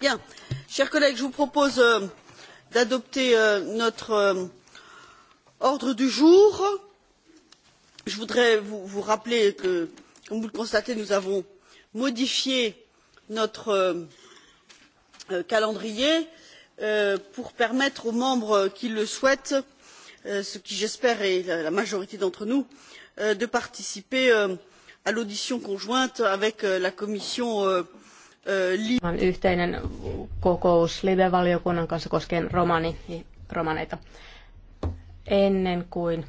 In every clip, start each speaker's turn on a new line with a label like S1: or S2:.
S1: Bien. chers collègues je vous propose euh, d'adopter euh, notre euh, ordre du jour. je voudrais vous rappeler que comme vous le constatez nous avons modifié notre calendrier pour permettre aux membres qui le souhaitent ce qui j'espère est la majorité d'entre nous de participer à l'audition conjointe avec la commission de
S2: Äh, yhteinen kokous live-valiokunnan kanssa koskien romani, romaneita. Ennen kuin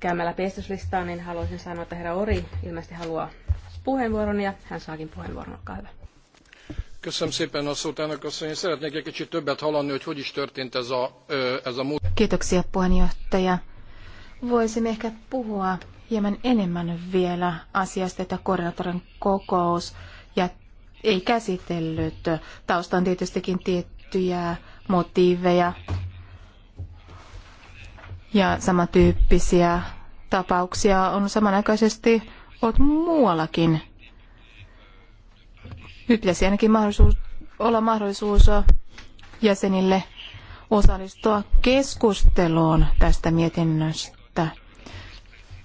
S2: käymme läpi estyslistaa, niin haluaisin sanoa, että herra Ori ilmeisesti haluaa
S3: puheenvuoron ja hän saakin puheenvuoron. Olkaa hyvä.
S4: Köszönöm szépen a szót, elnök asszony. szeretnék egy kicsit többet hallani, hogy hogy is történt ez a, ez a
S3: Kiitoksia puheenjohtaja. Voisimme ehkä puhua hieman enemmän vielä asiasta, että koordinaattorin kokous ja ei käsitellyt. Tausta on tietystikin tiettyjä motiiveja ja samantyyppisiä tapauksia on samanaikaisesti ollut muuallakin. Nyt pitäisi ainakin mahdollisuus, olla mahdollisuus jäsenille osallistua keskusteluun tästä mietinnöstä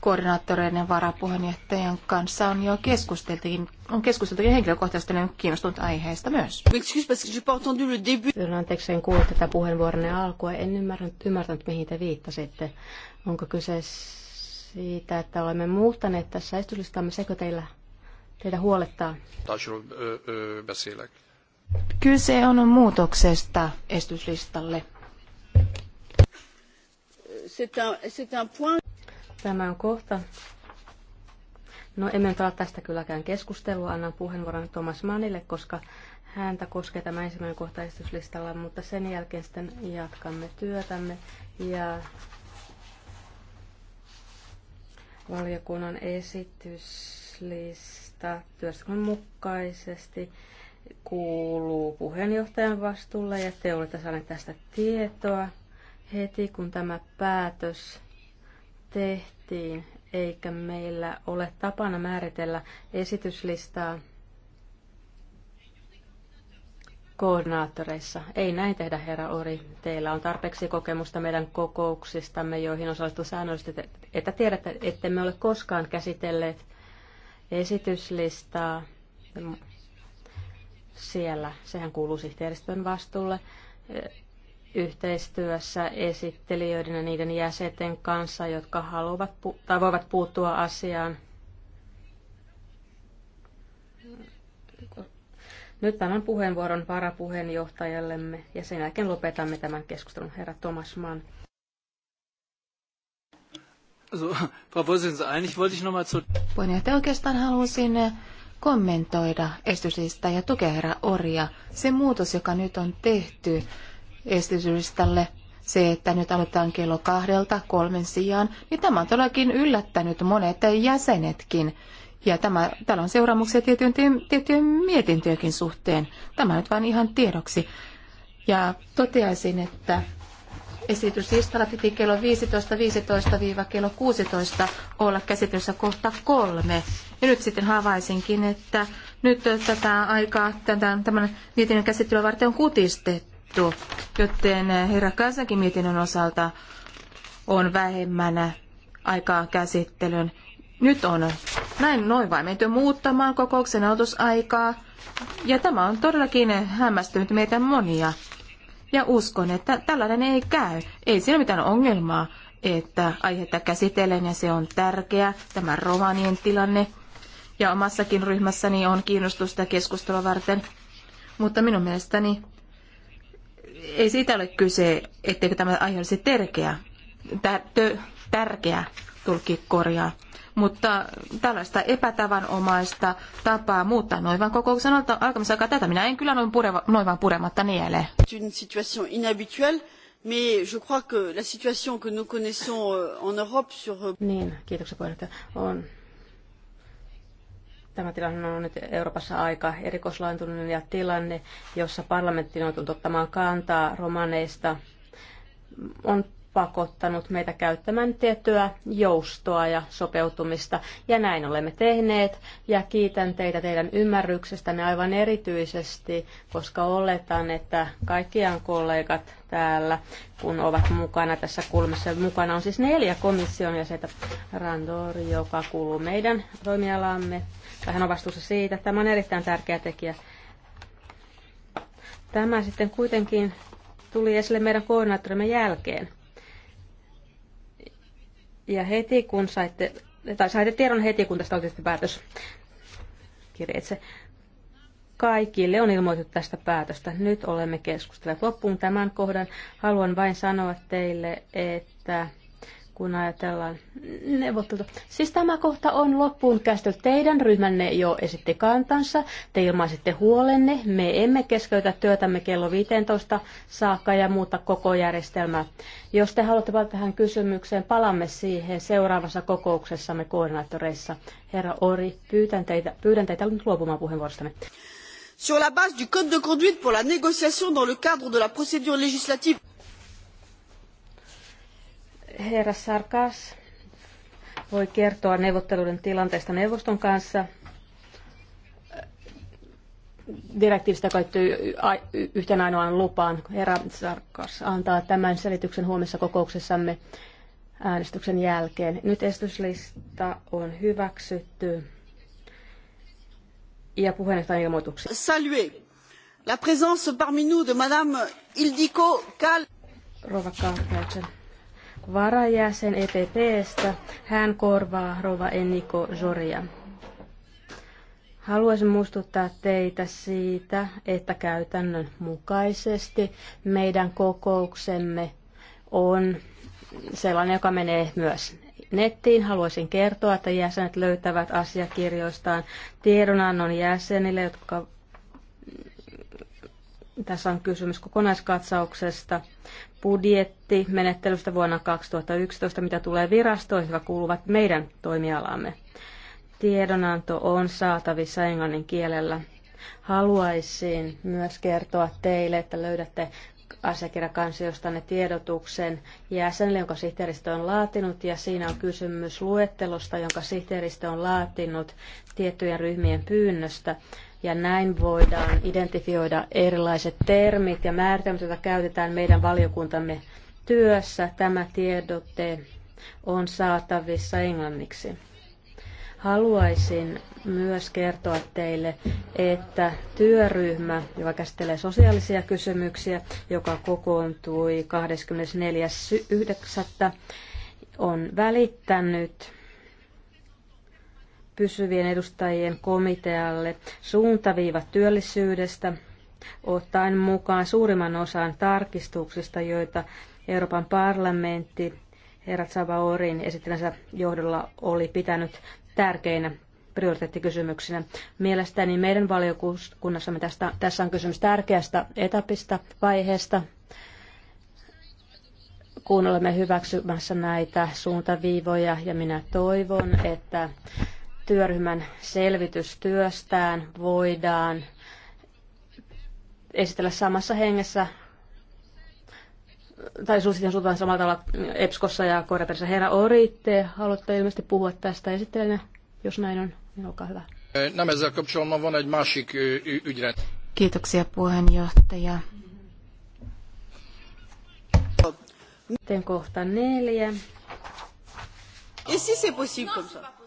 S3: koordinaattoreiden varapuheenjohtajan kanssa on jo keskusteltukin, on keskusteltukin henkilökohtaisesti olen kiinnostunut aiheesta myös.
S2: Pyydän anteeksi, en kuullut tätä puheenvuoronne alkua. En ymmärtänyt, ymmärtänyt mihin te viittasitte. Onko kyse siitä, että olemme muuttaneet tässä esityslistamme, sekö teillä,
S3: teitä huolettaa? Kyse on muutoksesta esityslistalle.
S1: C'est
S2: un, c'est un point Tämä on kohta. No emme nyt tästä kylläkään keskustelua. Annan puheenvuoron Thomas Manille, koska häntä koskee tämä ensimmäinen kohta esityslistalla, mutta sen jälkeen sitten jatkamme työtämme ja valiokunnan esityslista työskentelyn mukaisesti kuuluu puheenjohtajan vastuulle ja te olette saaneet tästä tietoa heti, kun tämä päätös tehtiin, eikä meillä ole tapana määritellä esityslistaa koordinaattoreissa. Ei näin tehdä, herra Ori. Teillä on tarpeeksi kokemusta meidän kokouksistamme, joihin osallistu säännöllisesti, että tiedätte, että me ole koskaan käsitelleet esityslistaa siellä. Sehän kuuluu sihteeristön vastuulle yhteistyössä esittelijöiden ja niiden jäsenten kanssa, jotka haluavat pu- tai voivat puuttua asiaan. Nyt tämän puheenvuoron varapuheenjohtajallemme ja sen jälkeen lopetamme tämän keskustelun. Herra Thomas Mann.
S3: Puheenjohtaja, oikeastaan halusin kommentoida esitystä ja tukea herra Orja. Se muutos, joka nyt on tehty, esityslistalle se, että nyt aletaan kello kahdelta kolmen sijaan, niin tämä on todellakin yllättänyt monet jäsenetkin. Ja tämä, täällä on seuraamuksia tiettyjen, tiettyjen mietintöjenkin suhteen. Tämä nyt vain ihan tiedoksi. Ja toteaisin, että esityslistalla piti kello 15.15 kello 16 olla käsitössä kohta kolme. Ja nyt sitten havaisinkin, että nyt tätä aikaa tämän, tämän mietinnön käsittelyä varten on kutistettu sovittu, joten eh, herra Kansankin mietinnön osalta on vähemmän eh, aikaa käsittelyn. Nyt on näin noin vain menty muuttamaan kokouksen aloitusaikaa. Ja tämä on todellakin eh, hämmästynyt meitä monia. Ja uskon, että tällainen ei käy. Ei siinä ole mitään ongelmaa, että aihetta käsitellen ja se on tärkeä, tämä romanien tilanne. Ja omassakin ryhmässäni on kiinnostusta keskustelua varten. Mutta minun mielestäni ei siitä ole kyse, etteikö tämä aihe olisi tärkeä, tär, tö, tärkeä tulkki korjaa. Mutta tällaista epätavanomaista tapaa muuttaa noivan kokouksen alkamisaikaa tätä minä en kyllä noin, pureva, noin vaan purematta niele.
S1: mais je crois que la situation que nous connaissons euh, en Europe sur... Euh,
S2: niin, kiitoksia puheenjohtaja. On Tämä tilanne on nyt Euroopassa aika erikoislaintunut ja tilanne, jossa parlamentti on ottamaan kantaa romaneista, on pakottanut meitä käyttämään tiettyä joustoa ja sopeutumista. Ja näin olemme tehneet ja kiitän teitä teidän ymmärryksestänne aivan erityisesti, koska oletan, että kaikkiaan kollegat täällä, kun ovat mukana tässä kulmassa. Mukana on siis neljä komission jäsentä Randori, joka kuuluu meidän toimialamme tai hän on vastuussa siitä. Tämä on erittäin tärkeä tekijä. Tämä sitten kuitenkin tuli esille meidän koordinaattorimme jälkeen. Ja heti kun saitte, tai saitte tiedon heti, kun tästä otettiin päätös kirjeitse, kaikille on ilmoitettu tästä päätöstä. Nyt olemme keskustelleet loppuun tämän kohdan. Haluan vain sanoa teille, että kun ajatellaan neuvottelua. Siis tämä kohta on loppuun käsitelty. Teidän ryhmänne jo esitti kantansa, te ilmaisitte huolenne. Me emme keskeytä työtämme kello 15 saakka ja muuta koko järjestelmää. Jos te haluatte vain tähän kysymykseen, palamme siihen seuraavassa kokouksessamme koordinaattoreissa. Herra Ori, pyydän teitä, pyydän teitä luopumaan puheenvuorostamme.
S1: sur la base du code de conduite pour la négociation dans le cadre de la procédure législative
S2: Herra Sarkas voi kertoa neuvotteluiden tilanteesta neuvoston kanssa. Direktiivistä käyttyy yhtenä ainoan lupaan. Herra Sarkas antaa tämän selityksen huomessa kokouksessamme äänestyksen jälkeen. Nyt estyslista on hyväksytty
S1: ja puheenjohtajan ilmoituksia. Salue. la présence parmi nous de
S2: Madame Ildiko Kal. Rova Karpeutsen varajäsen EPPstä. Hän korvaa Rova Eniko Zoria. Haluaisin muistuttaa teitä siitä, että käytännön mukaisesti meidän kokouksemme on sellainen, joka menee myös nettiin. Haluaisin kertoa, että jäsenet löytävät asiakirjoistaan tiedonannon jäsenille, jotka tässä on kysymys kokonaiskatsauksesta budjettimenettelystä vuonna 2011, mitä tulee virastoihin, jotka kuuluvat meidän toimialamme. Tiedonanto on saatavissa englannin kielellä. Haluaisin myös kertoa teille, että löydätte asiakirjakansiostanne tiedotuksen jäsenelle, jonka sihteeristö on laatinut, ja siinä on kysymys luettelosta, jonka sihteeristö on laatinut tiettyjen ryhmien pyynnöstä ja näin voidaan identifioida erilaiset termit ja määritelmät, joita käytetään meidän valiokuntamme työssä. Tämä tiedote on saatavissa englanniksi. Haluaisin myös kertoa teille, että työryhmä, joka käsittelee sosiaalisia kysymyksiä, joka kokoontui 24.9., on välittänyt pysyvien edustajien komitealle suuntaviivat työllisyydestä, ottaen mukaan suurimman osan tarkistuksista, joita Euroopan parlamentti herra Savaorin esittelynsä johdolla oli pitänyt tärkeinä prioriteettikysymyksinä. Mielestäni meidän valiokunnassamme tästä, tässä on kysymys tärkeästä etapista, vaiheesta, kun olemme hyväksymässä näitä suuntaviivoja, ja minä toivon, että työryhmän selvitystyöstään voidaan esitellä samassa hengessä tai suosittelen suuntaan samalla tavalla EPSKossa ja Koiraperissä. Herra Ori, te haluatte ilmeisesti puhua tästä esittelenä, jos näin on, niin olkaa hyvä.
S3: Kiitoksia puheenjohtaja. Sitten kohta neljä. Ja siis se possible comme ça?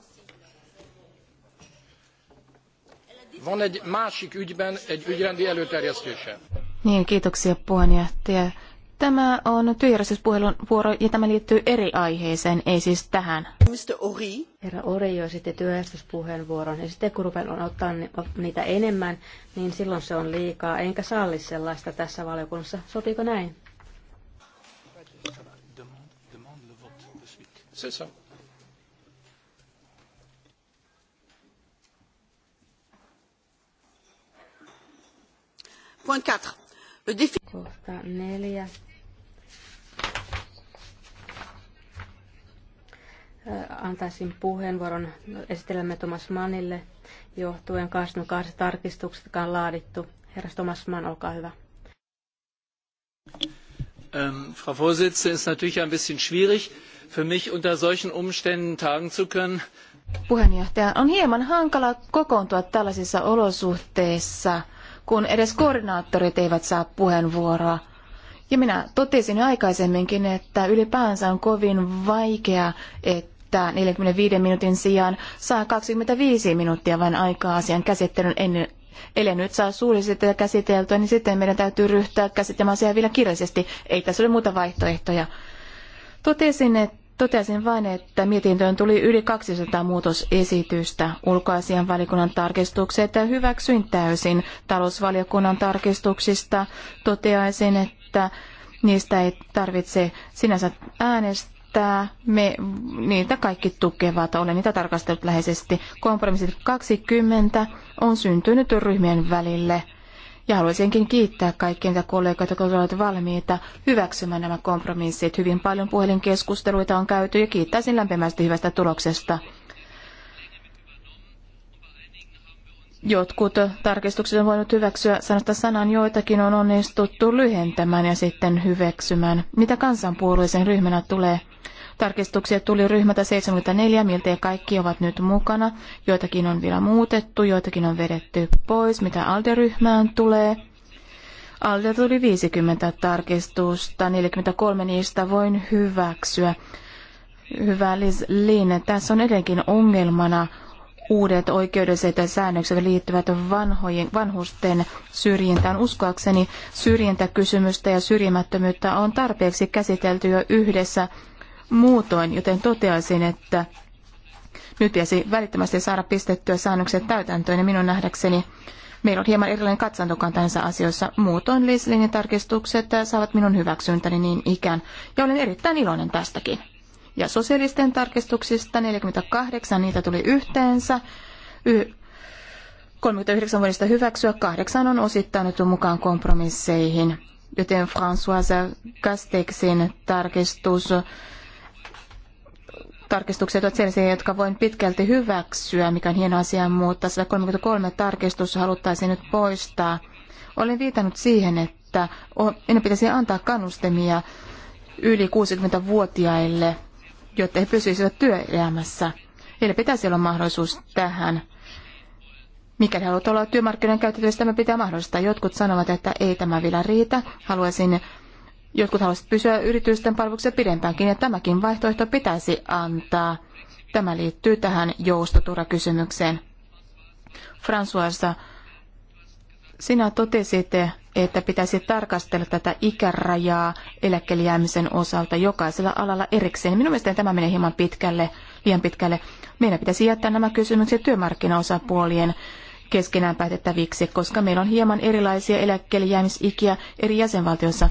S1: Van egy másik ügyben egy ügyrendi előterjesztése.
S3: Niin, kiitoksia puheenjohtaja. Tämä on työjärjestyspuheenvuoro ja tämä liittyy eri aiheeseen, ei siis tähän.
S2: Mr. Ori. Herra Ori, jos sitten työjärjestyspuheenvuoron ja sitten kun rupean ottaa niitä enemmän, niin silloin se on liikaa. Enkä salli sellaista tässä valiokunnassa. Sopiiko näin?
S1: Se on.
S5: Le défi... Kohta neljä.
S2: antaisin puheenvuoron esittelemme Thomas Mannille johtuen 22 tarkistuksesta, jotka on laadittu. Herra Thomas Mann, olkaa hyvä.
S1: Ähm, Frau Vorsitzende, ist natürlich ein bisschen schwierig für mich unter solchen Umständen tagen zu können.
S3: Puheenjohtaja, on hieman hankala kokoontua tällaisissa olosuhteissa kun edes koordinaattorit eivät saa puheenvuoroa. Ja minä totesin jo aikaisemminkin, että ylipäänsä on kovin vaikea, että 45 minuutin sijaan saa 25 minuuttia vain aikaa asian käsittelyn ennen, Eli nyt saa suullisesti käsiteltyä, niin sitten meidän täytyy ryhtyä käsittelemään asiaa vielä kirjallisesti. Ei tässä ole muuta vaihtoehtoja. Totesin, että Totesin vain, että mietintöön tuli yli 200 muutosesitystä. Ulkoasian valikunnan tarkistukset hyväksyin täysin. Talousvaliokunnan tarkistuksista toteaisin, että niistä ei tarvitse sinänsä äänestää. Me niitä kaikki tukevat. Olen niitä tarkastellut läheisesti. Kompromissit 20 on syntynyt ryhmien välille – ja haluaisinkin kiittää kaikkia niitä kollegoita, jotka olivat valmiita hyväksymään nämä kompromissit. Hyvin paljon puhelinkeskusteluita on käyty ja kiittäisin lämpimästi hyvästä tuloksesta. Jotkut tarkistukset on voinut hyväksyä sanasta sanan, joitakin on onnistuttu lyhentämään ja sitten hyväksymään. Mitä kansanpuolueisen ryhmänä tulee, Tarkistuksia tuli ryhmältä 74, miltei kaikki ovat nyt mukana. Joitakin on vielä muutettu, joitakin on vedetty pois, mitä ALDE-ryhmään tulee. ALDE tuli 50 tarkistusta, 43 niistä voin hyväksyä. Hyvä Liz Lin, tässä on edelleenkin ongelmana uudet oikeudelliset säännökset liittyvät vanhojen, vanhusten syrjintään. Uskoakseni syrjintäkysymystä ja syrjimättömyyttä on tarpeeksi käsitelty jo yhdessä muutoin, joten toteaisin, että nyt pitäisi välittömästi saada pistettyä säännökset täytäntöön ja minun nähdäkseni meillä on hieman erilainen katsantokanta näissä asioissa. Muutoin Lislinin tarkistukset saavat minun hyväksyntäni niin ikään ja olen erittäin iloinen tästäkin. Ja sosialisten tarkistuksista 48 niitä tuli yhteensä. Y- 39 vuodesta hyväksyä, kahdeksan on osittain otettu mukaan kompromisseihin, joten Françoise Castexin tarkistus tarkistukset ovat sellaisia, jotka voin pitkälti hyväksyä, mikä on hieno asia, mutta 133 tarkistus haluttaisiin nyt poistaa. Olen viitannut siihen, että meidän pitäisi antaa kannustimia yli 60-vuotiaille, jotta he pysyisivät työelämässä. Heillä pitäisi olla mahdollisuus tähän. Mikäli haluat olla työmarkkinoiden käytettävissä, tämä pitää mahdollistaa. Jotkut sanovat, että ei tämä vielä riitä. Haluaisin Jotkut haluaisivat pysyä yritysten palveluksessa pidempäänkin, ja tämäkin vaihtoehto pitäisi antaa. Tämä liittyy tähän joustoturakysymykseen. François, sinä totesit, että pitäisi tarkastella tätä ikärajaa eläkkeelle osalta jokaisella alalla erikseen. Minun mielestäni tämä menee hieman pitkälle, liian pitkälle. Meidän pitäisi jättää nämä kysymykset työmarkkinaosapuolien keskenään päätettäviksi, koska meillä on hieman erilaisia eläkkeelle jäämisikiä eri jäsenvaltioissa.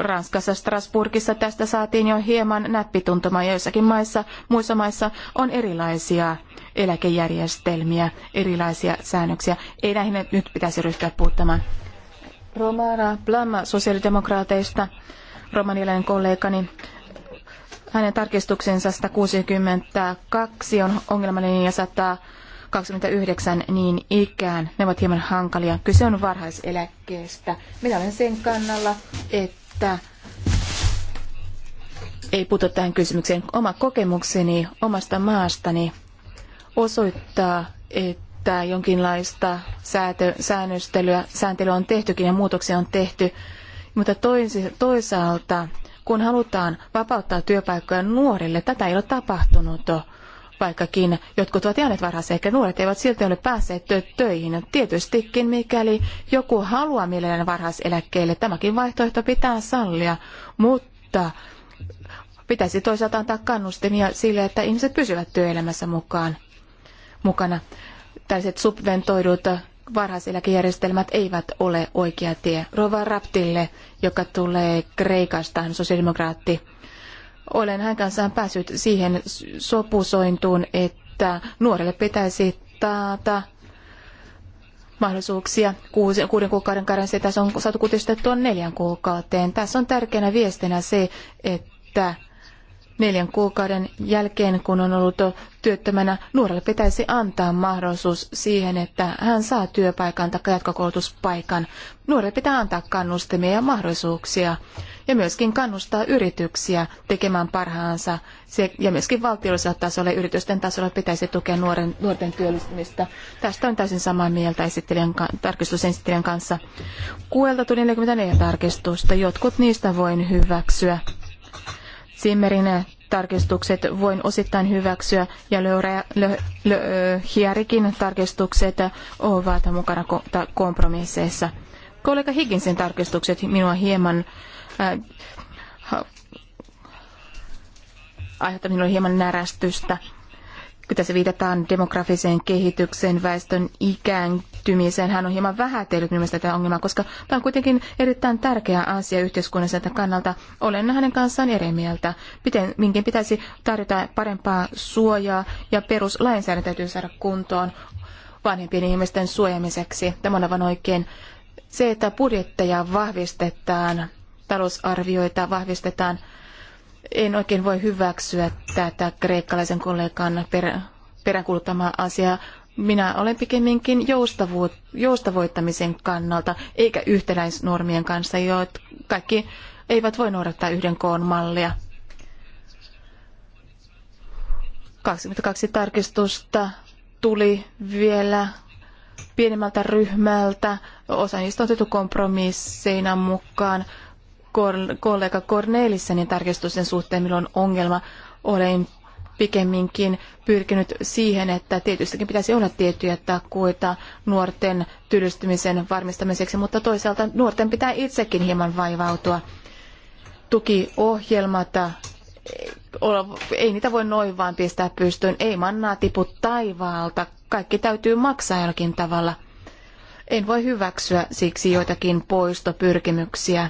S3: Ranskassa, Strasbourgissa tästä saatiin jo hieman näppituntuma ja joissakin maissa, muissa maissa on erilaisia eläkejärjestelmiä, erilaisia säännöksiä. Ei näihin nyt pitäisi ryhtyä puuttamaan. Romana Blamma sosiaalidemokraateista, romanilainen kollegani, hänen tarkistuksensa 162 on ongelmallinen ja 100 29 niin ikään. Ne ovat hieman hankalia. Kyse on varhaiseläkkeestä. Minä olen sen kannalla, että ei puutu tähän kysymykseen. Oma kokemukseni omasta maastani osoittaa, että jonkinlaista säätö, säännöstelyä, sääntelyä on tehtykin ja muutoksia on tehty. Mutta toisaalta, kun halutaan vapauttaa työpaikkoja nuorille, tätä ei ole tapahtunut vaikkakin jotkut ovat jääneet varhaiseen, ehkä nuoret eivät silti ole päässeet tö- töihin. Tietystikin, mikäli joku haluaa mielellään varhaiseläkkeelle, tämäkin vaihtoehto pitää sallia, mutta pitäisi toisaalta antaa kannustimia sille, että ihmiset pysyvät työelämässä mukaan, mukana. Tällaiset subventoidut varhaiseläkejärjestelmät eivät ole oikea tie. Rova Raptille, joka tulee Kreikasta, hän sosiaalidemokraatti, olen hän kanssaan päässyt siihen sopusointuun, että nuorelle pitäisi taata mahdollisuuksia kuusi, kuuden kuukauden karenssiin. Tässä on saatu kutistettua neljän kuukauteen. Tässä on tärkeänä viestinä se, että neljän kuukauden jälkeen, kun on ollut työttömänä, nuorelle pitäisi antaa mahdollisuus siihen, että hän saa työpaikan tai jatkokoulutuspaikan. Nuorelle pitää antaa kannustimia ja mahdollisuuksia ja myöskin kannustaa yrityksiä tekemään parhaansa. Ja myöskin valtiollisella tasolla ja yritysten tasolla pitäisi tukea nuoren, nuorten työllistymistä. Tästä on täysin samaa mieltä esittelijän, tarkistusesittelijän kanssa. Kuelta tuli 44 tarkistusta. Jotkut niistä voin hyväksyä. Zimmerin tarkistukset voin osittain hyväksyä ja Hiarikin tarkistukset ovat mukana kompromisseissa. Kollega Higginsin tarkistukset minua hieman äh, aiheuttavat minulle hieman närästystä tässä viitataan demografiseen kehitykseen, väestön ikääntymiseen. Hän on hieman vähätellyt mielestäni tätä ongelmaa, koska tämä on kuitenkin erittäin tärkeä asia yhteiskunnalliselta kannalta. Olen hänen kanssaan eri mieltä. Miten, minkin pitäisi tarjota parempaa suojaa ja peruslainsäädäntö täytyy saada kuntoon vanhempien ihmisten suojamiseksi. Tämä on aivan oikein. Se, että budjetteja vahvistetaan, talousarvioita vahvistetaan, en oikein voi hyväksyä tätä kreikkalaisen kollegan per, peräänkuuluttamaa asiaa. Minä olen pikemminkin joustavu, joustavoittamisen kannalta, eikä yhtenäisnormien kanssa, jo kaikki eivät voi noudattaa yhden koon mallia. 22 tarkistusta tuli vielä pienemmältä ryhmältä. Osa niistä on otettu kompromisseina mukaan kollega Cornelissenin tarkistusten suhteen, milloin on ongelma. Olen pikemminkin pyrkinyt siihen, että tietystikin pitäisi olla tiettyjä takuita nuorten työllistymisen varmistamiseksi, mutta toisaalta nuorten pitää itsekin hieman vaivautua. Tukiohjelmat, eh, ei niitä voi noin vaan pistää pystyyn, ei mannaa tipu taivaalta, kaikki täytyy maksaa jollakin tavalla. En voi hyväksyä siksi joitakin poistopyrkimyksiä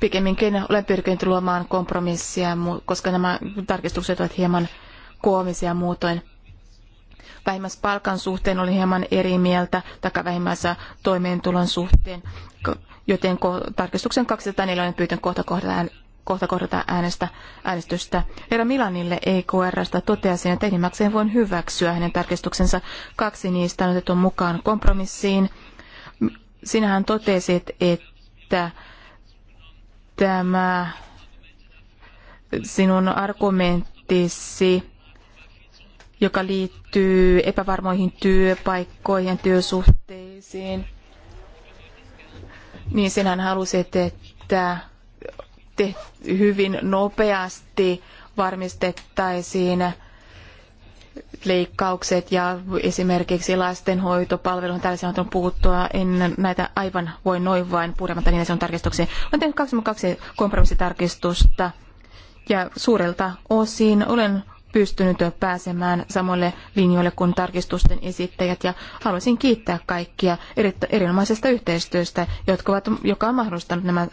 S3: pikemminkin olen pyrkinyt luomaan kompromissia, koska nämä tarkistukset ovat hieman koomisia muutoin. Vähimmäispalkan suhteen oli hieman eri mieltä, taikka vähimmäisä toimeentulon suhteen, joten tarkistuksen 204 on pyytänyt kohta kohdataan kohta kohdata äänestä, äänestystä. Herra Milanille EKRstä toteasin, että enimmäkseen voin hyväksyä hänen tarkistuksensa. Kaksi niistä on otettu mukaan kompromissiin. Sinähän totesit, että tämä sinun argumenttisi, joka liittyy epävarmoihin työpaikkoihin, työsuhteisiin, niin sinähän halusit, että te hyvin nopeasti varmistettaisiin leikkaukset ja esimerkiksi lastenhoitopalveluun tällaisia on puuttua. En näitä aivan voi noin vain purematta niin se on tarkistuksiin. Olen tehnyt 22 kompromissitarkistusta ja suurelta osin olen pystynyt pääsemään samoille linjoille kuin tarkistusten esittäjät ja haluaisin kiittää kaikkia eri, erinomaisesta yhteistyöstä, jotka ovat, joka on mahdollistanut nämä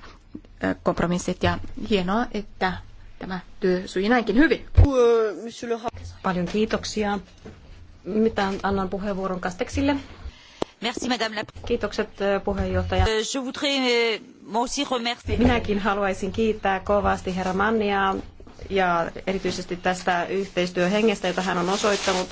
S3: kompromissit ja hienoa, että Tämä työ sujui näinkin hyvin. Paljon
S4: kiitoksia.
S3: Mitä annan puheenvuoron Kasteksille?
S4: Merci, madame la... Kiitokset eh, puheenjohtaja.
S1: Euh, je voudrais, eh, moi aussi remercier... Minäkin
S4: haluaisin kiittää kovasti herra Mannia ja erityisesti tästä yhteistyöhengestä, jota hän on osoittanut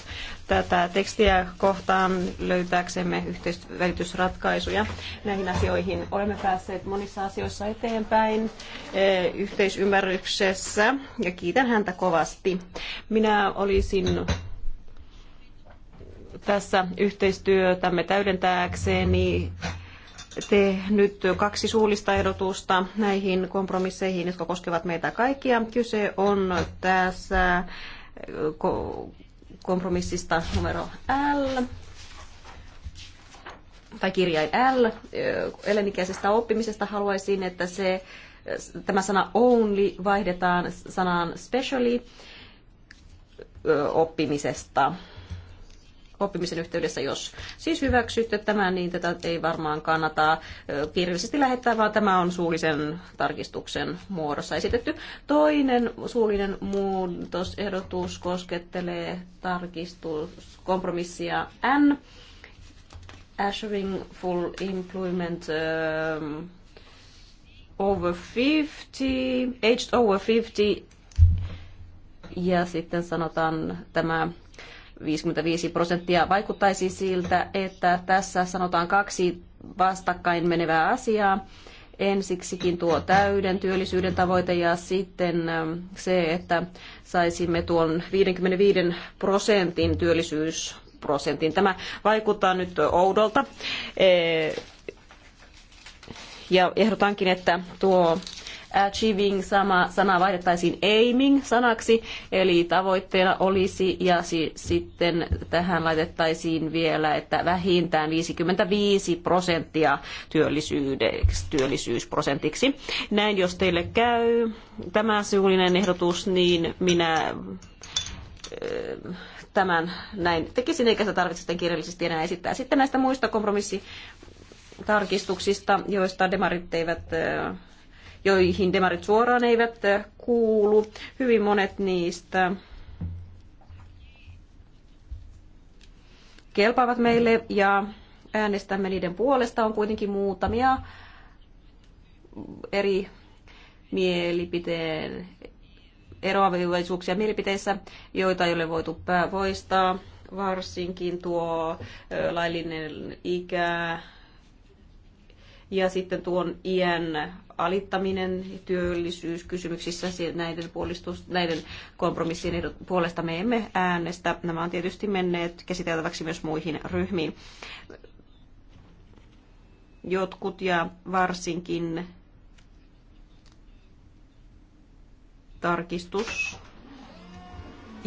S4: tätä tekstiä kohtaan löytääksemme yhteisvälitysratkaisuja näihin asioihin. Olemme päässeet monissa asioissa eteenpäin e, yhteisymmärryksessä ja kiitän häntä kovasti. Minä olisin tässä yhteistyötämme täydentääkseni tehnyt kaksi suullista ehdotusta näihin kompromisseihin, jotka koskevat meitä kaikkia. Kyse on tässä eh, kompromissista numero L tai kirjain L, eh, elinikäisestä oppimisesta haluaisin, että se, eh, tämä sana only vaihdetaan sanaan specially oppimisesta oppimisen yhteydessä, jos siis hyväksytte tämän, niin tätä ei varmaan kannata kirjallisesti lähettää, vaan tämä on suullisen tarkistuksen muodossa esitetty. Toinen suullinen muutosehdotus koskettelee tarkistuskompromissia. N, Assuring Full Employment um, Over 50, Aged Over 50, ja sitten sanotaan tämä 55 prosenttia. Vaikuttaisi siltä, että tässä sanotaan kaksi vastakkain menevää asiaa. Ensiksikin tuo täyden työllisyyden tavoite ja sitten ähm, se, että saisimme tuon 55 prosentin työllisyysprosentin. Tämä vaikuttaa nyt oudolta. Ja ehdotankin, että tuo achieving-sana vaihdettaisiin aiming-sanaksi, eli tavoitteena olisi, ja si- sitten tähän laitettaisiin vielä, että vähintään 55 prosenttia työllisyysprosentiksi. Näin, jos teille käy tämä suullinen ehdotus, niin minä tämän näin tekisin, eikä sitä tarvitse sitten kirjallisesti enää esittää. Sitten näistä muista kompromissitarkistuksista, joista demarit eivät joihin demarit suoraan eivät äh, kuulu. Hyvin monet niistä kelpaavat meille ja äänestämme niiden puolesta. On kuitenkin muutamia eri mielipiteen eroavaisuuksia mielipiteissä, joita ei ole voitu poistaa. Varsinkin tuo laillinen ikä ja sitten tuon iän alittaminen työllisyyskysymyksissä näiden, puolistus, näiden kompromissien puolesta me emme äänestä. Nämä on tietysti menneet käsiteltäväksi myös muihin ryhmiin. Jotkut ja varsinkin tarkistus.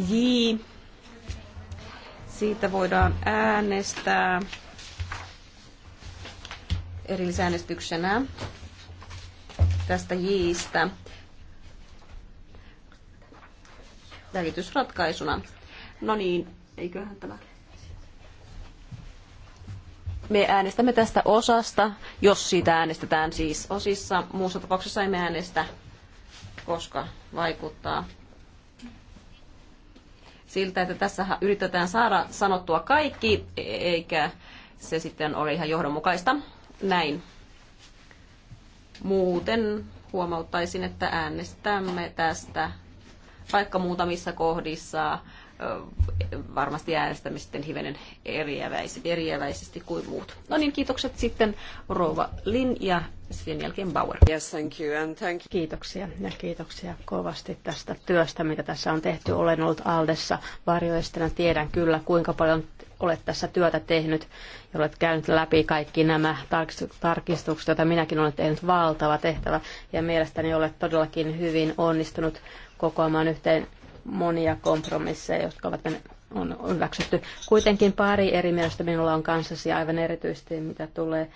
S4: J. Siitä voidaan äänestää erillisäänestyksenä tästä Jistä välitysratkaisuna. No niin, eiköhän tämä me äänestämme tästä osasta, jos siitä äänestetään siis osissa. Muussa tapauksessa emme äänestä, koska vaikuttaa siltä, että tässä yritetään saada sanottua kaikki, eikä se sitten ole ihan johdonmukaista. Näin Muuten huomauttaisin, että äänestämme tästä vaikka muutamissa kohdissa varmasti äänestämme sitten hivenen eriäväis, eriäväisesti kuin muut. No niin,
S2: kiitokset sitten Rova Lin ja sen jälkeen Bauer. Yes, thank you and thank you. Kiitoksia ja kiitoksia kovasti tästä työstä, mitä tässä on tehty. Olen ollut Aldessa varjoistena, tiedän kyllä kuinka paljon olet tässä työtä tehnyt ja olet käynyt läpi kaikki nämä tarkistukset, joita minäkin olen tehnyt valtava tehtävä. Ja mielestäni olet todellakin hyvin onnistunut kokoamaan yhteen monia kompromisseja, jotka ovat on hyväksytty. Kuitenkin pari eri mielestä minulla on kanssasi aivan erityisesti, mitä tulee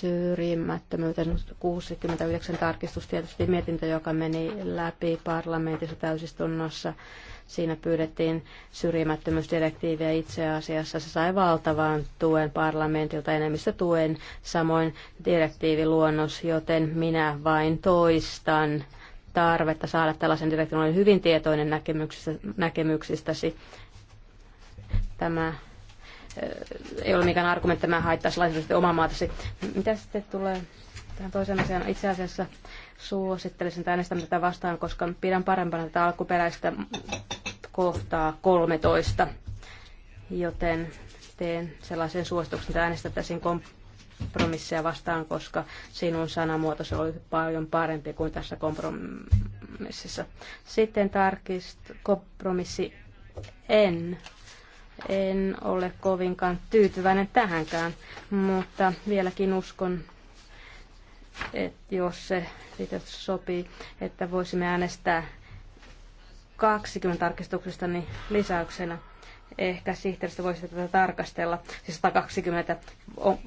S2: syrjimättömyyteen 69 tarkistus, tietysti mietintö, joka meni läpi parlamentissa täysistunnossa. Siinä pyydettiin syrjimättömyysdirektiiviä itse asiassa. Se sai valtavan tuen parlamentilta, enemmistö tuen, samoin direktiiviluonnos, joten minä vain toistan tarvetta saada tällaisen direktiivin. Olen hyvin tietoinen näkemyksistä, näkemyksistäsi. Tämä ei ole mikään argumentti, mä haittaisin lainsäädäntö omaa maatasi. Mitä sitten tulee tähän toiseen asiaan? Itse asiassa suosittelisin tätä vastaan, koska pidän parempana tätä alkuperäistä kohtaa 13, joten teen sellaisen suosituksen, että äänestettäisiin kompromisseja vastaan, koska sinun sanamuotosi oli paljon parempi kuin tässä kompromississa. Sitten tarkist kompromissi en en ole kovinkaan tyytyväinen tähänkään, mutta vieläkin uskon, että jos se siitä sopii, että voisimme äänestää 20 tarkistuksesta niin lisäyksenä ehkä sihteeristä voisi tätä tarkastella, siis 120,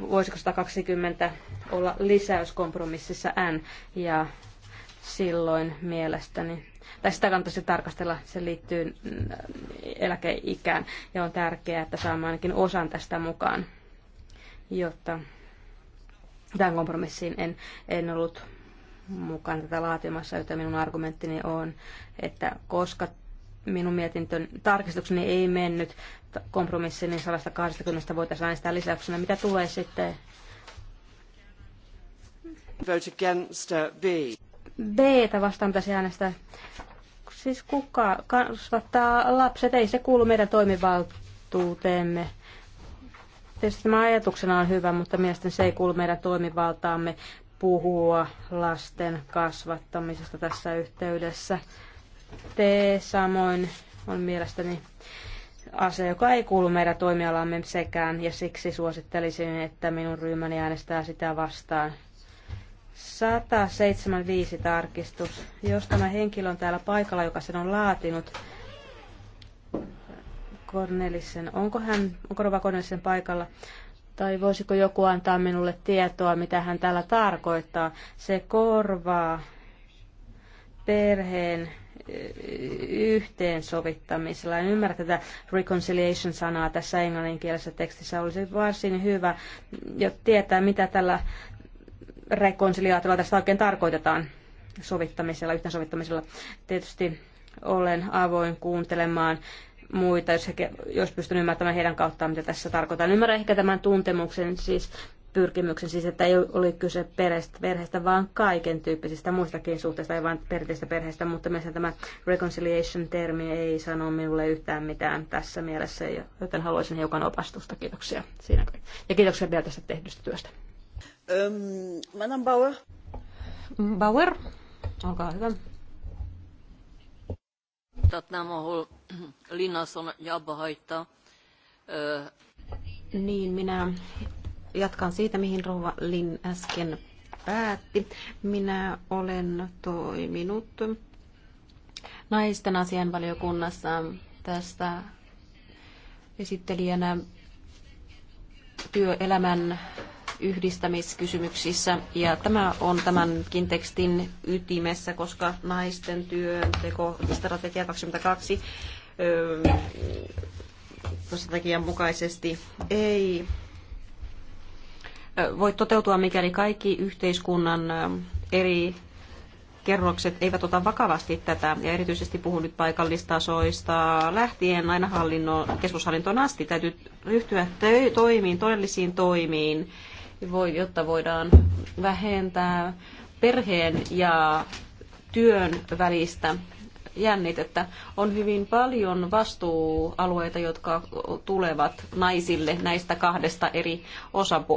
S2: voisiko 120 olla lisäyskompromississa N, ja silloin mielestäni tai sitä kannattaisi tarkastella, se liittyy mm, eläkeikään ja on tärkeää, että saamme ainakin osan tästä mukaan, jotta tämän kompromissiin en, en ollut mukaan tätä laatimassa, joten minun argumenttini on, että koska minun mietintön tarkistukseni ei mennyt kompromissiin, niin 120 voitaisiin äänestää lisäyksenä. Mitä tulee sitten?
S1: Vote against uh, B
S2: b vastaan pitäisi äänestää. Siis kuka kasvattaa lapset? Ei se kuulu meidän toimivaltuuteemme. Tietysti tämä ajatuksena on hyvä, mutta mielestäni se ei kuulu meidän toimivaltaamme puhua lasten kasvattamisesta tässä yhteydessä. T samoin on mielestäni asia, joka ei kuulu meidän toimialamme sekään, ja siksi suosittelisin, että minun ryhmäni äänestää sitä vastaan. 175 tarkistus. Jos tämä henkilö on täällä paikalla, joka sen on laatinut, Cornelissen, onko hän, onko Rova Cornelissen paikalla? Tai voisiko joku antaa minulle tietoa, mitä hän täällä tarkoittaa? Se korvaa perheen yhteensovittamisella. En ymmärrä tätä reconciliation-sanaa tässä englanninkielisessä tekstissä. Olisi varsin hyvä jo tietää, mitä tällä rekonsiliaatiolla tässä oikein tarkoitetaan sovittamisella, yhteensovittamisella. Tietysti olen avoin kuuntelemaan muita, jos, he, jos pystyn ymmärtämään heidän kauttaan, mitä tässä tarkoitan. Ymmärrän ehkä tämän tuntemuksen, siis pyrkimyksen, siis että ei ole kyse perheestä, perheestä vaan kaiken tyyppisistä muistakin suhteista, ei vain perinteistä perheestä, mutta myös tämä reconciliation-termi ei sano minulle yhtään mitään tässä mielessä, joten haluaisin hiukan opastusta. Kiitoksia siinä. Ja kiitoksia vielä tästä tehdystä työstä.
S1: Madame Bauer.
S2: Bauer,
S4: olkaa hyvä.
S1: mä ahol Linnason Jabba haittaa.
S4: Niin, minä jatkan siitä, mihin Rouva Lin äsken päätti. Minä olen toiminut naisten asianvaliokunnassa tästä esittelijänä työelämän yhdistämiskysymyksissä. Ja tämä on tämänkin tekstin ytimessä, koska naisten työnteko strategia 22 strategian mukaisesti ei voi toteutua, mikäli kaikki yhteiskunnan eri kerrokset eivät ota vakavasti tätä, ja erityisesti puhun nyt paikallistasoista lähtien aina hallinnon, keskushallintoon asti. Täytyy ryhtyä toimiin, todellisiin toimiin jotta voidaan vähentää perheen ja työn välistä jännitettä. On hyvin paljon vastuualueita, jotka tulevat naisille näistä kahdesta eri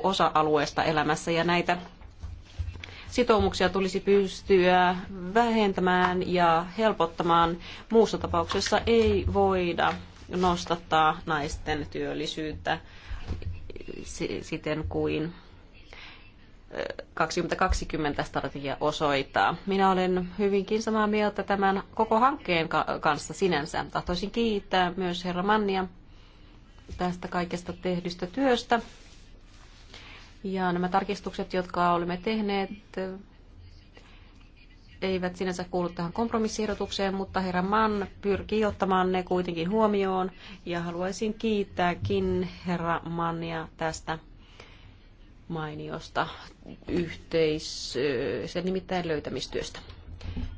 S4: osa-alueesta elämässä ja näitä sitoumuksia tulisi pystyä vähentämään ja helpottamaan. Muussa tapauksessa ei voida nostattaa naisten työllisyyttä siten kuin 2020-strategia osoittaa. Minä olen hyvinkin samaa mieltä tämän koko hankkeen kanssa sinänsä. Tahtoisin kiittää myös herra Mannia tästä kaikesta tehdystä työstä. Ja nämä tarkistukset, jotka olemme tehneet, eivät sinänsä kuulu tähän kompromissiehdotukseen, mutta herra Mann pyrkii ottamaan ne kuitenkin huomioon. Ja haluaisin kiittääkin herra Mannia tästä mainiosta sen nimittäin löytämistyöstä.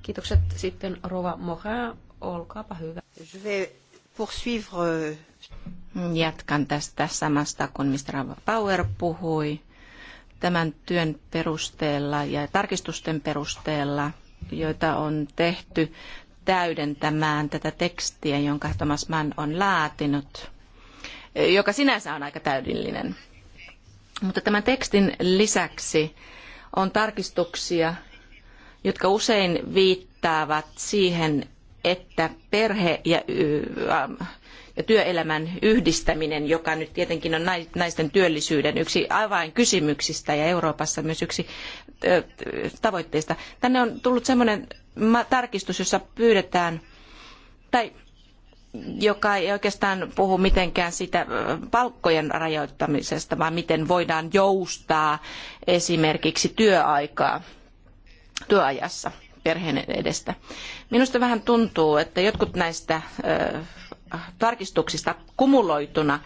S4: Kiitokset sitten Rova Morin, olkaapa hyvä. Je vais
S5: poursuivre... Euh, Jatkan tästä samasta, kun Mr. Power puhui. Tämän työn perusteella ja tarkistusten perusteella, joita on tehty täydentämään tätä tekstiä, jonka Thomas Mann on laatinut, joka sinänsä on aika täydellinen mutta tämän tekstin lisäksi on tarkistuksia, jotka usein viittaavat siihen, että perhe ja, ähm, ja työelämän yhdistäminen, joka nyt tietenkin on naisten työllisyyden yksi avainkysymyksistä ja Euroopassa myös yksi tavoitteista. Tänne on tullut sellainen tarkistus, jossa pyydetään, tai joka ei oikeastaan puhu mitenkään sitä palkkojen rajoittamisesta, vaan miten voidaan joustaa esimerkiksi työaikaa työajassa perheen edestä. Minusta vähän tuntuu, että jotkut näistä tarkistuksista kumuloituna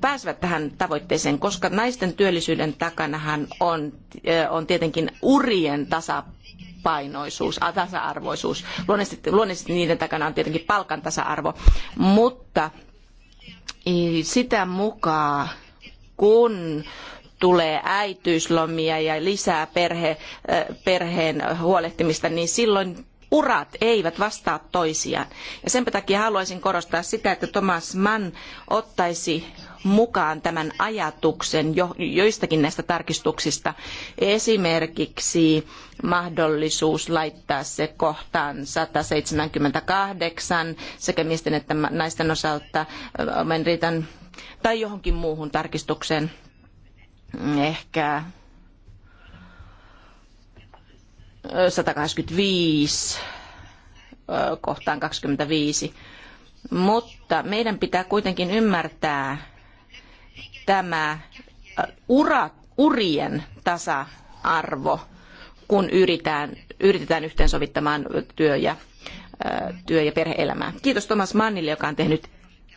S5: pääsevät tähän tavoitteeseen, koska naisten työllisyyden takanahan on, on tietenkin urien tasapaino tasapainoisuus, tasa-arvoisuus. Luonnollisesti, luonnollisesti niiden takana on tietenkin palkan tasa-arvo, mutta sitä mukaan, kun tulee äitiyslomia ja lisää perhe, perheen huolehtimista, niin silloin urat eivät vastaa toisiaan. Ja sen takia haluaisin korostaa sitä, että Thomas Mann ottaisi mukaan tämän ajatuksen joistakin näistä tarkistuksista. Esimerkiksi mahdollisuus laittaa se kohtaan 178 sekä miesten että naisten osalta äh, Menritan tai johonkin muuhun tarkistukseen. Ehkä 185 äh, kohtaan 25. Mutta meidän pitää kuitenkin ymmärtää, tämä äh, ura, urien tasa-arvo, kun yritetään, yritetään yhteensovittamaan työ ja, äh, työ- ja perhe-elämää. Kiitos Thomas Mannille, joka on tehnyt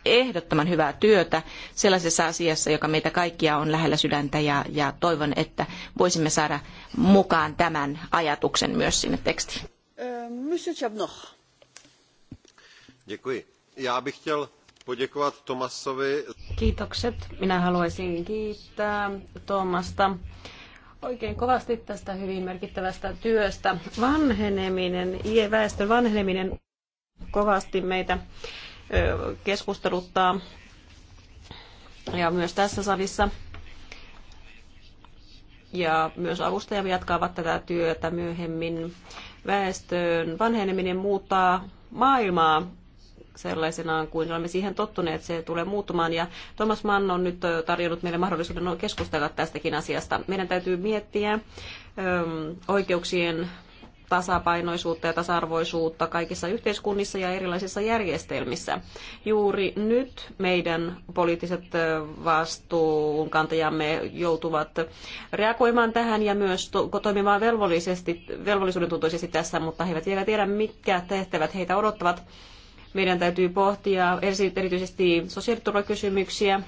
S5: ehdottoman hyvää työtä sellaisessa asiassa, joka meitä kaikkia on lähellä sydäntä ja, ja toivon, että voisimme saada mukaan tämän ajatuksen myös sinne tekstiin. Äh,
S1: Monsieur Chabnoch.
S4: Děkuji. Já bych chtěl poděkovat Tomasovi.
S5: Kiitokset. Minä
S4: haluaisin kiittää Tomasta oikein kovasti tästä hyvin merkittävästä työstä. Vanheneminen, väestön vanheneminen kovasti meitä keskusteluttaa ja myös tässä salissa. Ja myös avustajamme jatkavat tätä työtä myöhemmin. Väestön vanheneminen muuttaa maailmaa sellaisenaan kuin olemme siihen tottuneet, se tulee muuttumaan. Ja Thomas Mann on nyt tarjonnut meille mahdollisuuden no, keskustella tästäkin asiasta. Meidän täytyy miettiä oikeuksien tasapainoisuutta ja tasa-arvoisuutta kaikissa yhteiskunnissa ja erilaisissa järjestelmissä. Juuri nyt meidän poliittiset vastuunkantajamme joutuvat reagoimaan tähän ja myös toimimaan velvollisesti, velvollisuuden tuntuisesti tässä, mutta he eivät vielä tiedä, mitkä tehtävät heitä odottavat meidän täytyy pohtia erityisesti sosiaaliturvakysymyksiä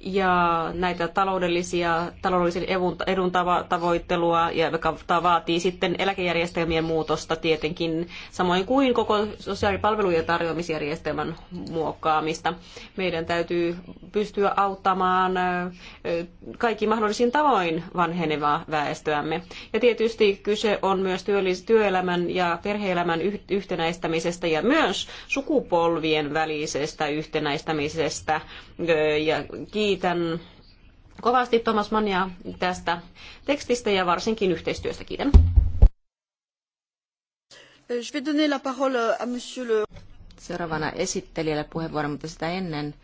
S4: ja näitä taloudellisia, taloudellisen edun, edun tavoittelua, ja joka vaatii sitten eläkejärjestelmien muutosta tietenkin, samoin kuin koko sosiaalipalvelujen tarjoamisjärjestelmän muokkaamista. Meidän täytyy pystyä auttamaan kaikki mahdollisin tavoin vanhenevaa väestöämme. Ja tietysti kyse on myös työelämän ja perheelämän yhtenäistämisestä ja myös sukupolvien välisestä yhtenäistämisestä ja kiinni kiitän kovasti Thomas Mania tästä
S5: tekstistä ja
S4: varsinkin yhteistyöstä. Kiitän.
S5: Euh, je vais donner la parole à monsieur le... Seuraavana esittelijälle puheenvuoro, mutta sitä ennen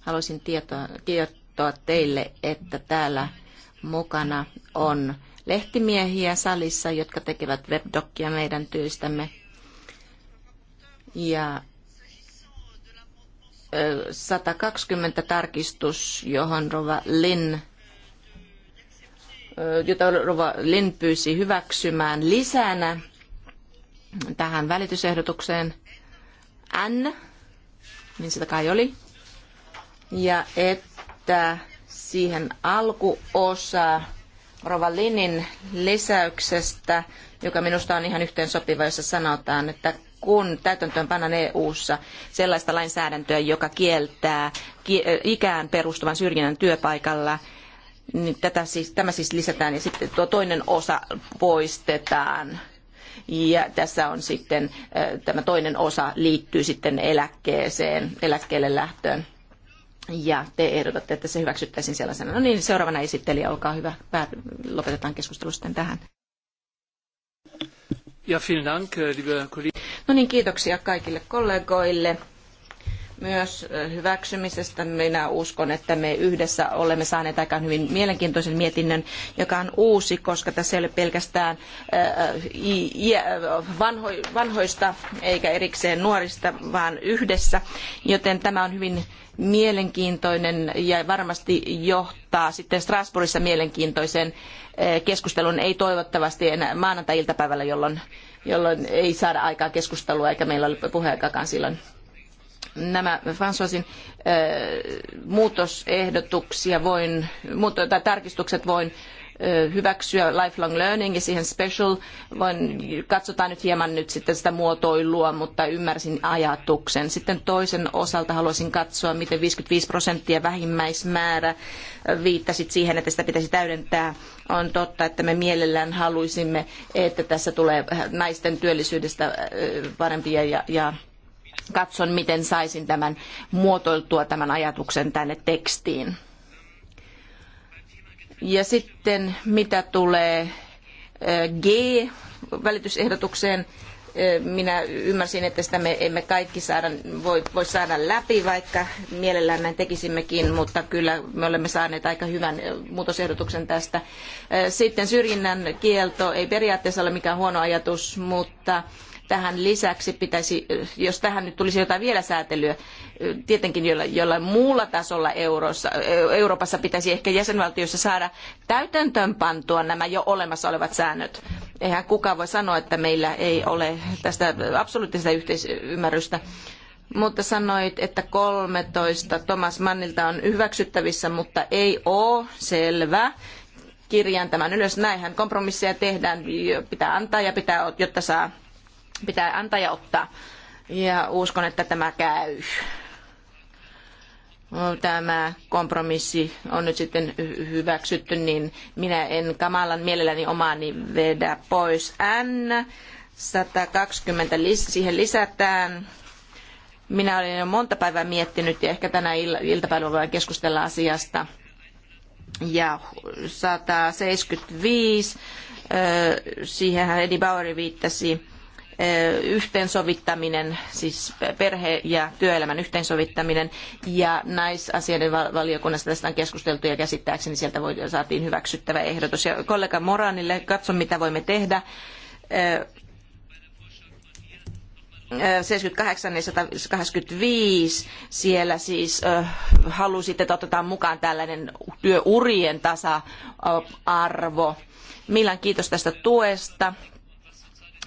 S5: haluaisin tietoa, kertoa teille, että täällä mukana on lehtimiehiä salissa, jotka tekevät webdokkia meidän työstämme. Ja 120 tarkistus, johon Rova Lin jota Rova Lin pyysi hyväksymään lisänä tähän välitysehdotukseen N, niin sitä kai oli, ja että siihen alkuosa Linin lisäyksestä, joka minusta on ihan yhteensopiva, jossa sanotaan, että kun täytäntöönpanon EU-ssa sellaista lainsäädäntöä, joka kieltää ikään perustuvan syrjinnän työpaikalla, niin tätä siis, tämä siis lisätään ja sitten tuo toinen osa poistetaan. Ja tässä on sitten tämä toinen osa liittyy sitten eläkkeeseen, eläkkeelle lähtöön. Ja te ehdotatte, että se hyväksyttäisiin sellaisena. No niin, seuraavana esittelijä, olkaa hyvä. lopetetaan keskustelu sitten tähän.
S1: Ja, vielen Dank, liebe Kollegen.
S5: No niin, kiitoksia kaikille kollegoille myös hyväksymisestä. Minä uskon, että me yhdessä olemme saaneet aikaan hyvin mielenkiintoisen mietinnön, joka on uusi, koska tässä ei ole pelkästään vanhoista eikä erikseen nuorista, vaan yhdessä. Joten tämä on hyvin mielenkiintoinen ja varmasti johtaa sitten Strasbourgissa mielenkiintoiseen keskusteluun, ei toivottavasti enää maanantai-iltapäivällä, jolloin jolloin ei saada aikaa keskustelua eikä meillä ole puheaikaakaan silloin. Nämä Fransoisin äh, muutosehdotuksia voin, muut, tai tarkistukset voin hyväksyä lifelong learning ja siihen special. Voin, katsotaan nyt hieman nyt sitten sitä muotoilua, mutta ymmärsin ajatuksen. Sitten toisen osalta haluaisin katsoa, miten 55 prosenttia vähimmäismäärä viittasit siihen, että sitä pitäisi täydentää. On totta, että me mielellään haluaisimme, että tässä tulee naisten työllisyydestä parempia ja, ja katson, miten saisin tämän muotoiltua tämän ajatuksen tänne tekstiin. Ja sitten mitä tulee G-välitysehdotukseen, minä ymmärsin, että sitä me emme kaikki saada, voi, voi saada läpi, vaikka mielellään näin tekisimmekin, mutta kyllä me olemme saaneet aika hyvän muutosehdotuksen tästä. Sitten syrjinnän kielto ei periaatteessa ole mikään huono ajatus, mutta Tähän lisäksi pitäisi, jos tähän nyt tulisi jotain vielä säätelyä, tietenkin jollain, muulla tasolla Eurossa, Euroopassa pitäisi ehkä jäsenvaltioissa saada täytäntöönpantua nämä jo olemassa olevat säännöt. Eihän kukaan voi sanoa, että meillä ei ole tästä absoluuttista yhteisymmärrystä mutta sanoit, että 13 Thomas Mannilta on hyväksyttävissä, mutta ei ole selvä. Kirjaan tämän ylös, näinhän kompromisseja tehdään, pitää antaa ja pitää, jotta saa Pitää antaa ja ottaa. Ja uskon, että tämä käy. Tämä kompromissi on nyt sitten hyväksytty, niin minä en kamalan mielelläni omaani vedä pois. N 120 siihen lisätään. Minä olin jo monta päivää miettinyt ja ehkä tänä iltapäivänä voidaan keskustella asiasta. Ja 175, äh, siihenhän Edi Bauer viittasi, Eh, yhteensovittaminen, siis perhe- ja työelämän yhteensovittaminen. Ja naisasioiden valiokunnasta tästä on keskusteltu ja käsittääkseni sieltä voi, saatiin hyväksyttävä ehdotus. Ja kollega Moranille, katson mitä voimme tehdä. 78 eh, eh, ja siellä siis halusitte, että otetaan mukaan tällainen työurien tasa-arvo. Milan, kiitos tästä tuesta.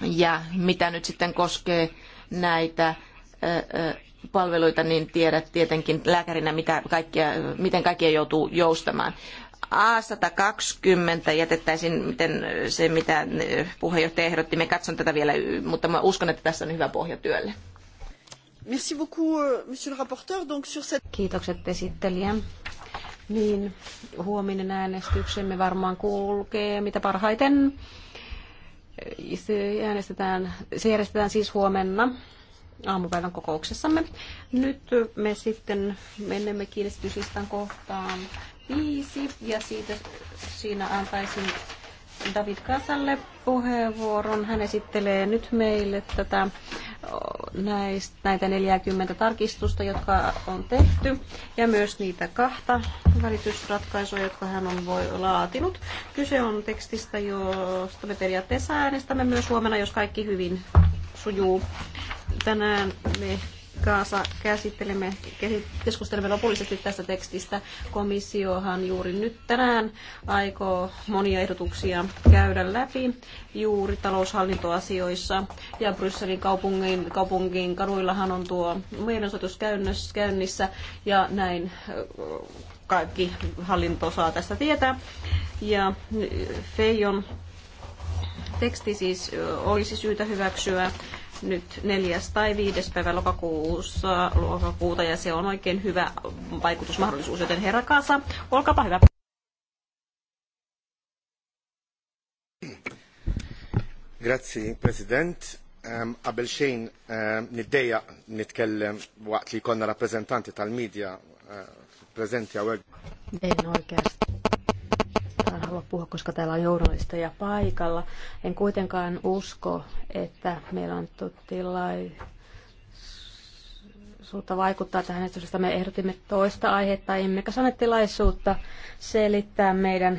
S5: Ja mitä nyt sitten koskee näitä palveluita, niin tiedät tietenkin lääkärinä, mitä kaikkia, miten kaikkia joutuu joustamaan. A120 jätettäisiin miten, se, mitä puheenjohtaja ehdotti. Me katson tätä vielä, mutta mä uskon, että tässä on hyvä pohja työlle.
S4: Merci beaucoup, euh, monsieur le rapporteur. Donc, sur cette... Kiitokset esittelijä. Niin, huominen äänestyksemme varmaan kulkee mitä parhaiten se, äänestetään, se järjestetään siis huomenna aamupäivän kokouksessamme. Nyt me sitten menemme kiinnostuslistan kohtaan viisi ja siitä siinä antaisin David Kasalle puheenvuoron. Hän esittelee nyt meille tätä, näistä, näitä 40 tarkistusta, jotka on tehty, ja myös niitä kahta välitysratkaisua, jotka hän on voi laatinut. Kyse on tekstistä, josta me periaatteessa äänestämme myös huomenna, jos kaikki hyvin sujuu. Tänään me kanssa käsittelemme, keskustelemme lopullisesti tästä tekstistä. Komissiohan juuri nyt tänään aikoo monia ehdotuksia käydä läpi juuri taloushallintoasioissa. Ja Brysselin kaupungin, kaupungin kaduillahan on tuo mielenosoitus käynnissä ja näin kaikki hallinto saa tästä tietää. Ja Feijon teksti siis olisi syytä hyväksyä nyt neljäs tai viides päivä lokakuussa, lokakuuta ja se on oikein hyvä vaikutusmahdollisuus, joten herra Kaasa, olkaapa hyvä.
S2: Grazie, President. Qabel ehm, xejn ehm, niddejja nitkellem waqt li jkollna rappreżentanti tal-medja ehm, preżenti hawnhekk. oikeasti halua puhua, koska täällä on journalisteja paikalla. En kuitenkaan usko, että meillä on suutta vaikuttaa tähän että Me ehdotimme toista aihetta, emmekä saaneet tilaisuutta selittää meidän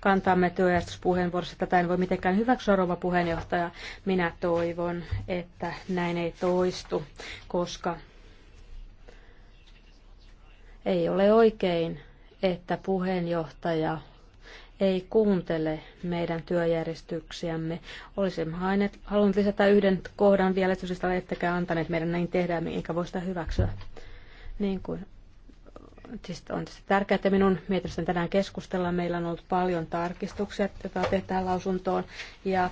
S2: kantamme työjärjestyspuheenvuorossa. Tätä en voi mitenkään hyväksyä, rouva puheenjohtaja. Minä toivon, että näin ei toistu, koska ei ole oikein, että puheenjohtaja ei kuuntele meidän työjärjestyksiämme. Olisimme haineet, halunnut lisätä yhden kohdan vielä, jos ettekä antaneet meidän näin tehdä, eikä voi sitä hyväksyä. Niin kuin siis on tietysti tärkeää, että minun mietinnöstäni tänään keskustella Meillä on ollut paljon tarkistuksia, joita tehdään lausuntoon. Ja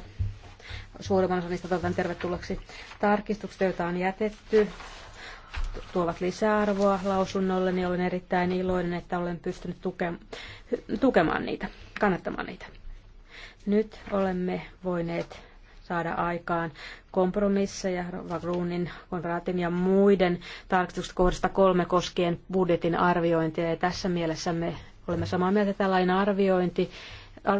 S2: suurimman osan niistä toivotan tervetulleeksi tarkistukset, joita on jätetty tuovat lisäarvoa lausunnolle, niin olen erittäin iloinen, että olen pystynyt tuke- tukemaan niitä kannattamaan niitä. Nyt olemme voineet saada aikaan kompromisseja Vagruunin, Konratin ja muiden tarkistuksista kohdasta kolme koskien budjetin arviointia. Ja tässä mielessä me olemme samaa mieltä, että tällainen arviointi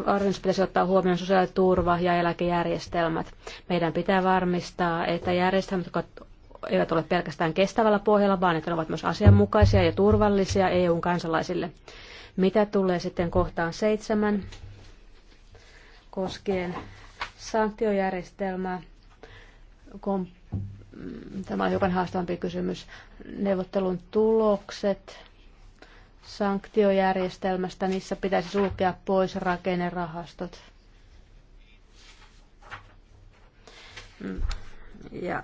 S2: arvioinnissa pitäisi ottaa huomioon sosiaaliturva ja eläkejärjestelmät. Meidän pitää varmistaa, että järjestelmät, jotka eivät ole pelkästään kestävällä pohjalla, vaan että ne ovat myös asianmukaisia ja turvallisia EUn kansalaisille. Mitä tulee sitten kohtaan seitsemän koskien sanktiojärjestelmää? Kom- mm, Tämä on hiukan haastavampi kysymys. Neuvottelun tulokset sanktiojärjestelmästä, niissä pitäisi sulkea pois rakennerahastot. Mm. Ja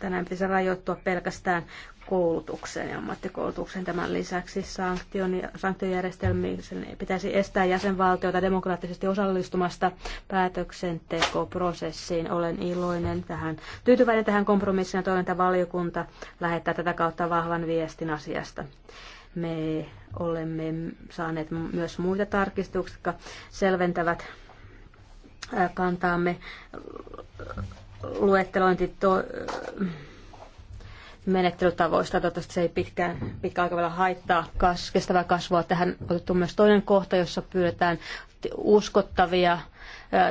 S2: tänään pitäisi rajoittua pelkästään koulutukseen ja ammattikoulutukseen. Tämän lisäksi sanktion, sanktiojärjestelmiin pitäisi estää jäsenvaltioita demokraattisesti osallistumasta päätöksentekoprosessiin. Olen iloinen tähän, tyytyväinen tähän kompromissiin ja toivon, että valiokunta lähettää tätä kautta vahvan viestin asiasta. Me olemme saaneet myös muita tarkistuksia, jotka selventävät kantaamme luettelointi to, menettelytavoista. Toivottavasti se ei pitkään, pitkä aikavälillä haittaa kas, kestävää kasvua. Tähän otettu myös toinen kohta, jossa pyydetään uskottavia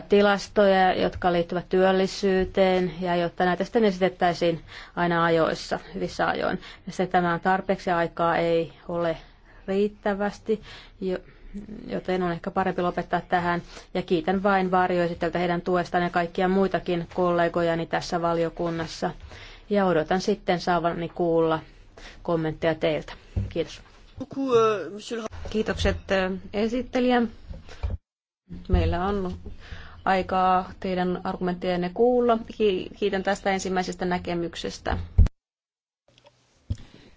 S2: tilastoja, jotka liittyvät työllisyyteen, ja jotta näitä sitten esitettäisiin aina ajoissa, hyvissä ajoin. Ja se tämän tarpeeksi aikaa ei ole riittävästi. Jo, joten on ehkä parempi lopettaa tähän. Ja kiitän vain varjoesittelijöitä heidän tuestaan ja kaikkia muitakin kollegojani tässä valiokunnassa. Ja odotan sitten saavani kuulla kommentteja teiltä. Kiitos. Kiitokset esittelijä. Meillä on
S4: aikaa teidän argumenttienne kuulla. Kiitän tästä ensimmäisestä
S5: näkemyksestä.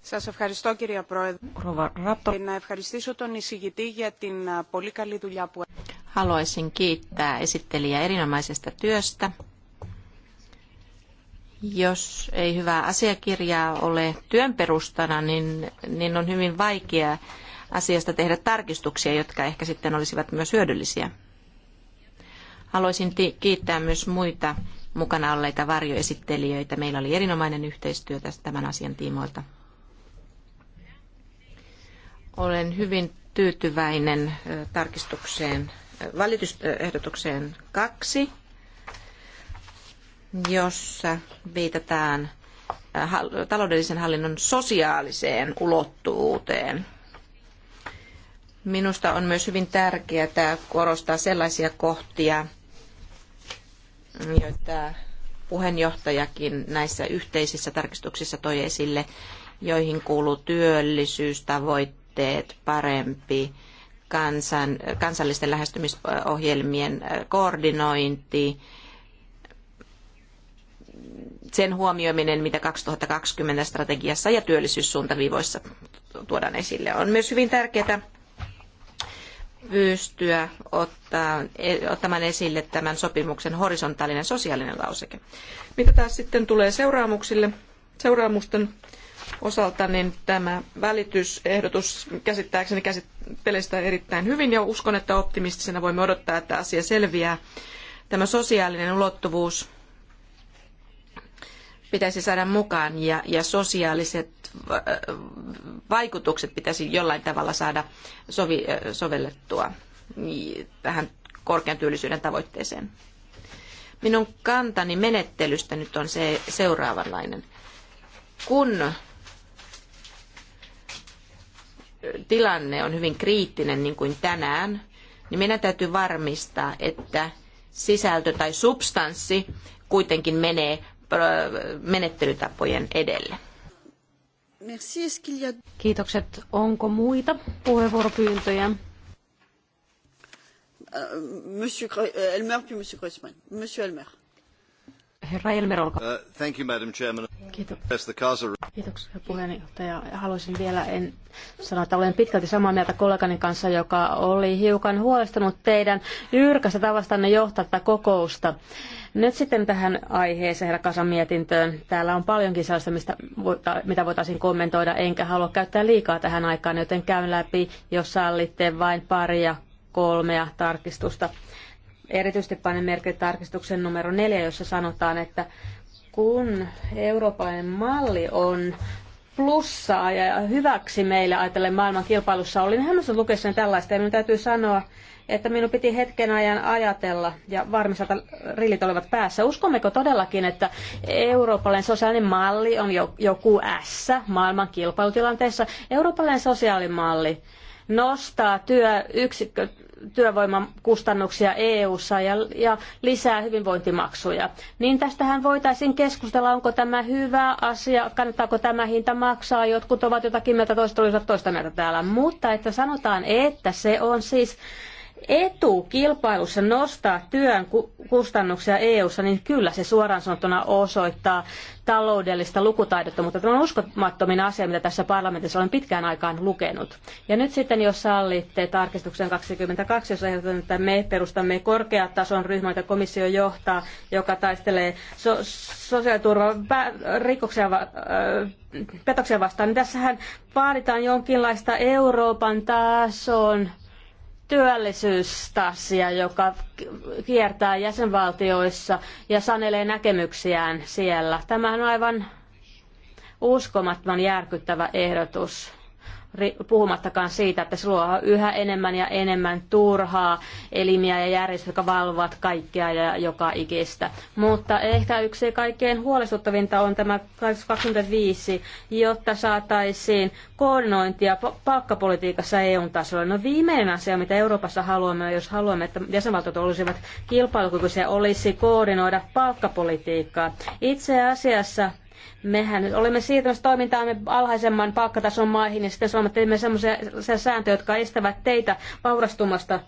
S3: Σας ευχαριστώ κυρία Πρόεδρε. Να ευχαριστήσω τον εισηγητή για την πολύ καλή δουλειά που
S5: Haluaisin kiittää esittelijää erinomaisesta työstä. Jos ei hyvää asiakirjaa ole työn perustana, niin, niin on hyvin vaikea asiasta tehdä tarkistuksia, jotka ehkä sitten olisivat myös hyödyllisiä. Haluaisin kiittää myös muita mukana olleita varjoesittelijöitä. Meillä oli erinomainen yhteistyö tämän asian tiimoilta. Olen hyvin tyytyväinen tarkistukseen, valitusehdotukseen kaksi, jossa viitataan taloudellisen hallinnon sosiaaliseen ulottuvuuteen. Minusta on myös hyvin tärkeää korostaa sellaisia kohtia,
S3: joita
S5: puheenjohtajakin näissä yhteisissä tarkistuksissa toi esille, joihin kuuluu työllisyystavoitteet, puitteet parempi, kansan, kansallisten lähestymisohjelmien koordinointi, sen huomioiminen, mitä 2020 strategiassa ja työllisyyssuuntaviivoissa tuodaan esille, on myös hyvin tärkeää pystyä ottaa, e, ottamaan esille tämän sopimuksen horisontaalinen sosiaalinen lauseke. Mitä taas sitten tulee seuraamuksille, seuraamusten osalta, niin tämä välitysehdotus käsittääkseni käsittelee sitä erittäin hyvin ja uskon, että optimistisena voimme odottaa, että asia selviää. Tämä sosiaalinen ulottuvuus pitäisi saada mukaan ja, ja sosiaaliset äh, vaikutukset pitäisi jollain tavalla saada sovi, äh, sovellettua tähän korkean työllisyyden tavoitteeseen. Minun kantani menettelystä nyt on se seuraavanlainen. Kun tilanne on hyvin kriittinen, niin kuin tänään, niin meidän täytyy varmistaa, että sisältö tai substanssi kuitenkin menee äh, menettelytapojen edelle.
S2: Kiitokset. Onko muita puheenvuoropyyntöjä?
S1: Euh, monsieur euh, Elmer, puis Monsieur Grossman.
S2: Monsieur Elmer.
S5: Herra Elmer, olkaa. Uh, thank you, Madam Chairman. Kiitoksia.
S2: Kiitoksia puheenjohtaja. Haluaisin vielä en sanoa, että olen pitkälti samaa mieltä kollegani kanssa, joka oli hiukan huolestunut teidän jyrkästä tavastanne johtaa tätä kokousta. Nyt sitten tähän aiheeseen, herra Kasan mietintöön. Täällä on paljonkin sellaista, mistä, mitä voitaisiin kommentoida, enkä halua käyttää liikaa tähän aikaan, joten käyn läpi, jos sallitte, vain paria kolmea tarkistusta Erityisesti panen merkille tarkistuksen numero neljä, jossa sanotaan, että kun eurooppalainen malli on plussaa ja hyväksi meille ajatellen maailman kilpailussa, oli olin lukee sen tällaista ja minun täytyy sanoa, että minun piti hetken ajan ajatella ja varmistaa, että rillit olivat päässä. Uskommeko todellakin, että eurooppalainen sosiaalinen malli on joku S maailman kilpailutilanteessa? Eurooppalainen sosiaalimalli nostaa työ, yksikkö, työvoiman kustannuksia EU-ssa ja, ja lisää hyvinvointimaksuja. Niin tästähän voitaisiin keskustella, onko tämä hyvä asia, kannattaako tämä hinta maksaa. Jotkut ovat jotakin mieltä, toiset olisivat toista mieltä täällä. Mutta että sanotaan, että se on siis etu kilpailussa nostaa työn kustannuksia EU-ssa, niin kyllä se suoraan sanottuna osoittaa taloudellista lukutaidottomuutta. Tämä on uskomattomin asia, mitä tässä parlamentissa olen pitkään aikaan lukenut. Ja nyt sitten, jos sallitte tarkistuksen 22, jos ehdotan, että me perustamme korkeatason ryhmän, jota komissio johtaa, joka taistelee so- sosiaaliturvan rikoksia va- petoksia vastaan, niin tässähän vaaditaan jonkinlaista Euroopan tason työllisyystasia, joka kiertää jäsenvaltioissa ja sanelee näkemyksiään siellä. Tämähän on aivan uskomattoman järkyttävä ehdotus puhumattakaan siitä, että se luo yhä enemmän ja enemmän turhaa elimiä ja järjestöjä, jotka valvovat kaikkea ja joka ikistä. Mutta ehkä yksi kaikkein huolestuttavinta on tämä 25, jotta saataisiin koordinointia palkkapolitiikassa EUn tasolla. No viimeinen asia, mitä Euroopassa haluamme, jos haluamme, että jäsenvaltiot olisivat kilpailukykyisiä, olisi koordinoida palkkapolitiikkaa. Itse asiassa mehän nyt olemme siirtämässä toimintaamme alhaisemman palkkatason maihin ja sitten Suomessa teemme sellaisia sääntöjä, jotka estävät teitä vaurastumasta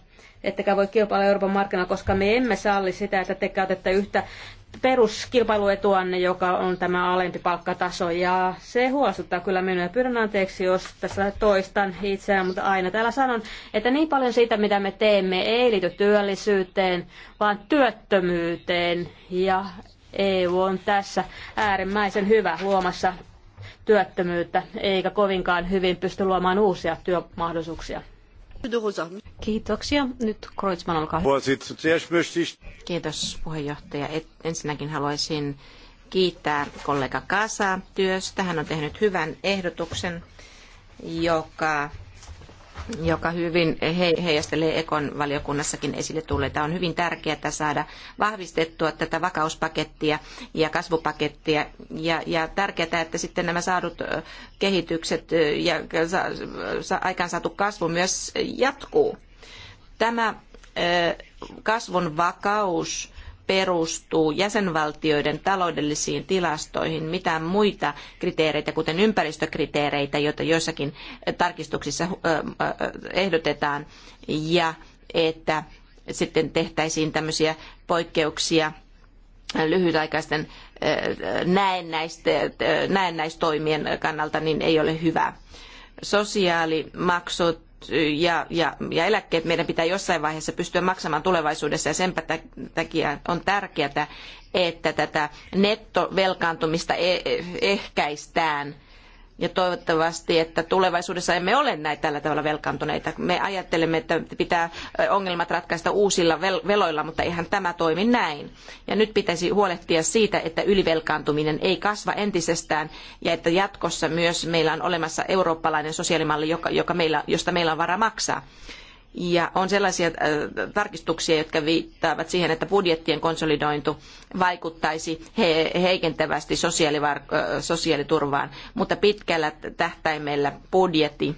S2: ettekä voi kilpailla Euroopan markkinoilla, koska me emme salli sitä, että te käytätte yhtä peruskilpailuetuanne, joka on tämä alempi palkkataso. Ja se huolestuttaa kyllä minua. Pyydän anteeksi, jos tässä toistan itseään, mutta aina täällä sanon, että niin paljon siitä, mitä me teemme, ei liity työllisyyteen, vaan työttömyyteen ja EU on tässä äärimmäisen hyvä luomassa työttömyyttä, eikä kovinkaan hyvin pysty luomaan uusia
S5: työmahdollisuuksia. Kiitoksia. Nyt Kreutzmann, olkaa hyvä. Kiitos puheenjohtaja. Ensinnäkin haluaisin kiittää kollega Kasa työstä. Hän on tehnyt hyvän ehdotuksen, joka joka hyvin heijastelee Ekon valiokunnassakin esille tulleita. On hyvin tärkeää saada vahvistettua tätä vakauspakettia ja kasvupakettia. Ja, ja tärkeää, että sitten nämä saadut kehitykset ja aikaansaatu kasvu myös jatkuu. Tämä kasvun vakaus perustuu jäsenvaltioiden taloudellisiin tilastoihin, mitään muita kriteereitä, kuten ympäristökriteereitä, joita joissakin eh, tarkistuksissa eh, eh, ehdotetaan, ja että sitten tehtäisiin tämmöisiä poikkeuksia lyhytaikaisten näennäistoimien kannalta, niin ei ole hyvä. Sosiaalimaksut ja, ja, ja eläkkeet meidän pitää jossain vaiheessa pystyä maksamaan tulevaisuudessa ja senpä takia on tärkeää, että tätä nettovelkaantumista e-, ehkäistään ja toivottavasti, että tulevaisuudessa emme ole näitä tällä tavalla velkaantuneita. Me ajattelemme, että pitää ongelmat ratkaista uusilla veloilla, mutta eihän tämä toimi näin. Ja nyt pitäisi huolehtia siitä, että ylivelkaantuminen ei kasva entisestään ja että jatkossa myös meillä on olemassa eurooppalainen sosiaalimalli, joka, joka meillä, josta meillä on varaa maksaa. Ja on sellaisia äh, tarkistuksia, jotka viittaavat siihen, että budjettien konsolidointu vaikuttaisi heikentävästi äh, sosiaaliturvaan, mutta pitkällä tähtäimellä budjetti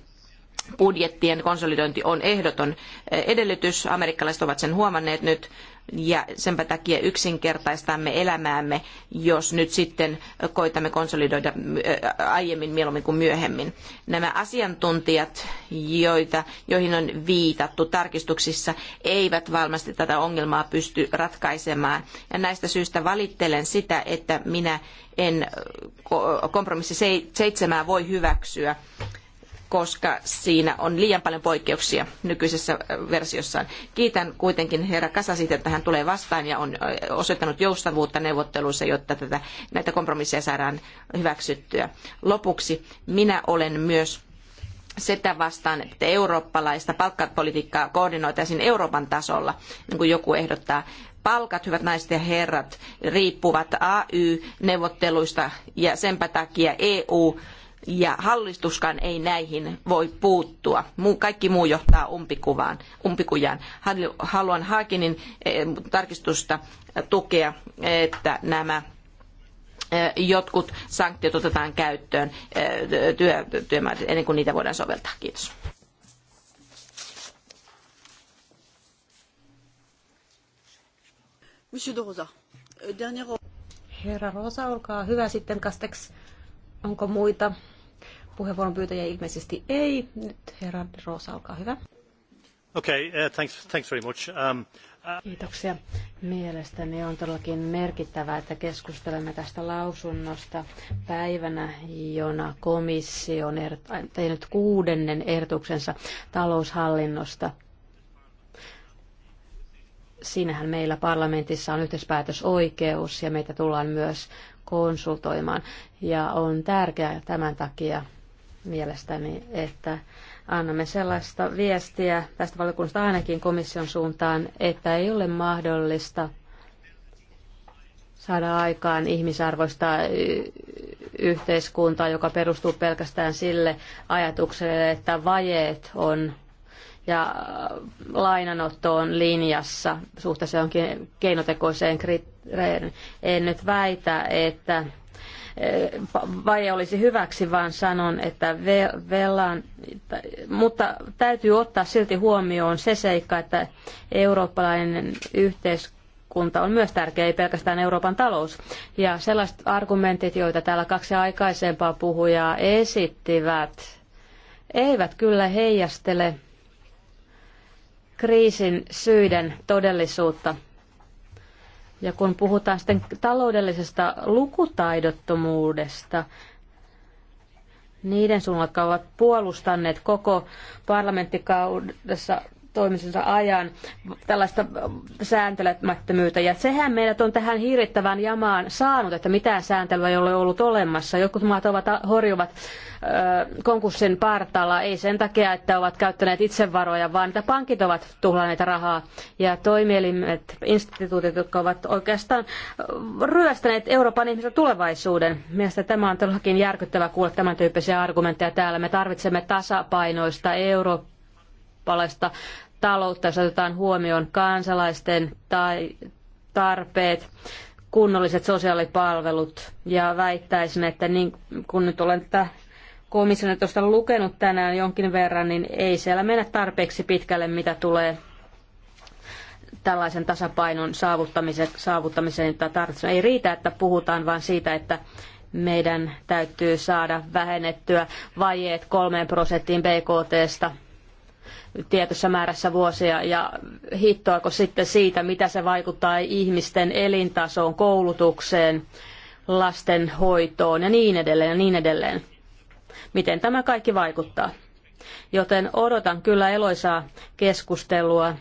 S5: budjettien konsolidointi on ehdoton edellytys. Amerikkalaiset ovat sen huomanneet nyt ja senpä takia yksinkertaistamme elämäämme, jos nyt sitten koitamme konsolidoida äh, aiemmin mieluummin kuin myöhemmin. Nämä asiantuntijat, joita, joihin on viitattu tarkistuksissa, eivät varmasti tätä ongelmaa pysty ratkaisemaan. Ja näistä syistä valittelen sitä, että minä en kompromissi seitsemää voi hyväksyä koska siinä on liian paljon poikkeuksia nykyisessä äh, versiossaan. Kiitän kuitenkin herra Kasa siitä, että hän tulee vastaan ja on äh, osoittanut joustavuutta neuvotteluissa, jotta tätä, näitä kompromisseja saadaan hyväksyttyä. Lopuksi minä olen myös sitä vastaan, että eurooppalaista palkkapolitiikkaa koordinoitaisiin Euroopan tasolla, niin kuin joku ehdottaa. Palkat, hyvät naiset ja herrat, riippuvat AY-neuvotteluista ja senpä takia EU ja hallituskaan ei näihin voi puuttua. kaikki muu johtaa umpikuvaan, umpikujaan. Haluan Haakinin eh, tarkistusta tukea, että nämä eh, jotkut sanktiot otetaan käyttöön eh, työ, ennen kuin niitä voidaan soveltaa. Kiitos.
S4: Herra Rosa, olkaa hyvä sitten Kasteks. Onko muita Puheenvuoron pyytäjä ilmeisesti ei. Nyt herra
S2: Rosa, olkaa hyvä.
S4: Okay, uh, thanks, thanks very much. Um, uh...
S2: Kiitoksia. Mielestäni on todellakin merkittävää, että keskustelemme tästä lausunnosta päivänä, jona komissio on er- tehnyt kuudennen ehdotuksensa taloushallinnosta siinähän meillä parlamentissa on yhteispäätösoikeus ja meitä tullaan myös konsultoimaan. Ja on tärkeää tämän takia, mielestäni, että annamme sellaista viestiä tästä valiokunnasta ainakin komission suuntaan, että ei ole mahdollista saada aikaan ihmisarvoista yhteiskuntaa, joka perustuu pelkästään sille ajatukselle, että vajeet on ja lainanotto on linjassa suhteessa johonkin keinotekoiseen kriteeriin. En nyt väitä, että vaje olisi hyväksi, vaan sanon, että velan, mutta täytyy ottaa silti huomioon se seikka, että eurooppalainen yhteiskunta on myös tärkeä, ei pelkästään Euroopan talous. Ja sellaiset argumentit, joita täällä kaksi aikaisempaa puhujaa esittivät, eivät kyllä heijastele kriisin syiden todellisuutta ja kun puhutaan sitten taloudellisesta lukutaidottomuudesta, niiden suunnat, jotka ovat puolustaneet koko parlamenttikaudessa toimisensa ajan tällaista sääntelemättömyyttä. Ja sehän meidät on tähän hirvittävään jamaan saanut, että mitään sääntelyä ei ole ollut olemassa. Jotkut maat ovat, äh, horjuvat äh, konkurssin partaalla, ei sen takia, että ovat käyttäneet itsevaroja, vaan että pankit ovat tuhlanneet rahaa ja toimielimet, instituutit, jotka ovat oikeastaan äh, ryöstäneet Euroopan ihmisen tulevaisuuden. Mielestäni tämä on todellakin järkyttävä kuulla tämän tyyppisiä argumentteja täällä. Me tarvitsemme tasapainoista Eurooppaa eurooppalaista taloutta, jos otetaan huomioon kansalaisten tai tarpeet, kunnolliset sosiaalipalvelut. Ja väittäisin, että niin, kun nyt olen tätä komission tuosta lukenut tänään jonkin verran, niin ei siellä mennä tarpeeksi pitkälle, mitä tulee tällaisen tasapainon saavuttamiseen, saavuttamiseen tai tarvitsen. Ei riitä, että puhutaan vain siitä, että meidän täytyy saada vähennettyä vajeet kolmeen prosenttiin BKTsta – tietyssä määrässä vuosia ja hittoako sitten siitä, mitä se vaikuttaa ihmisten elintasoon, koulutukseen, lastenhoitoon ja niin edelleen ja niin edelleen. Miten tämä kaikki vaikuttaa? Joten odotan kyllä eloisaa keskustelua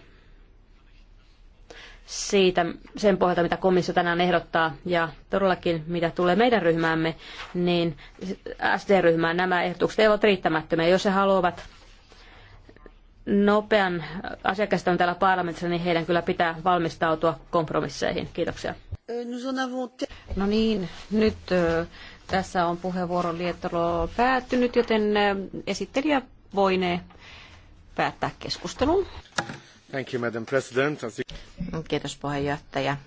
S2: siitä, sen pohjalta, mitä komissio tänään ehdottaa ja todellakin mitä tulee meidän ryhmäämme, niin SD-ryhmään nämä ehdotukset eivät riittämättömiä. Jos he haluavat nopean asiakaston täällä parlamentissa, niin heidän kyllä pitää valmistautua kompromisseihin. Kiitoksia. No
S4: niin, nyt tässä on puheenvuoron liettelo päättynyt, joten esittelijä voinee
S5: päättää keskustelun. Thank you, Madam President. Kiitos puheenjohtaja.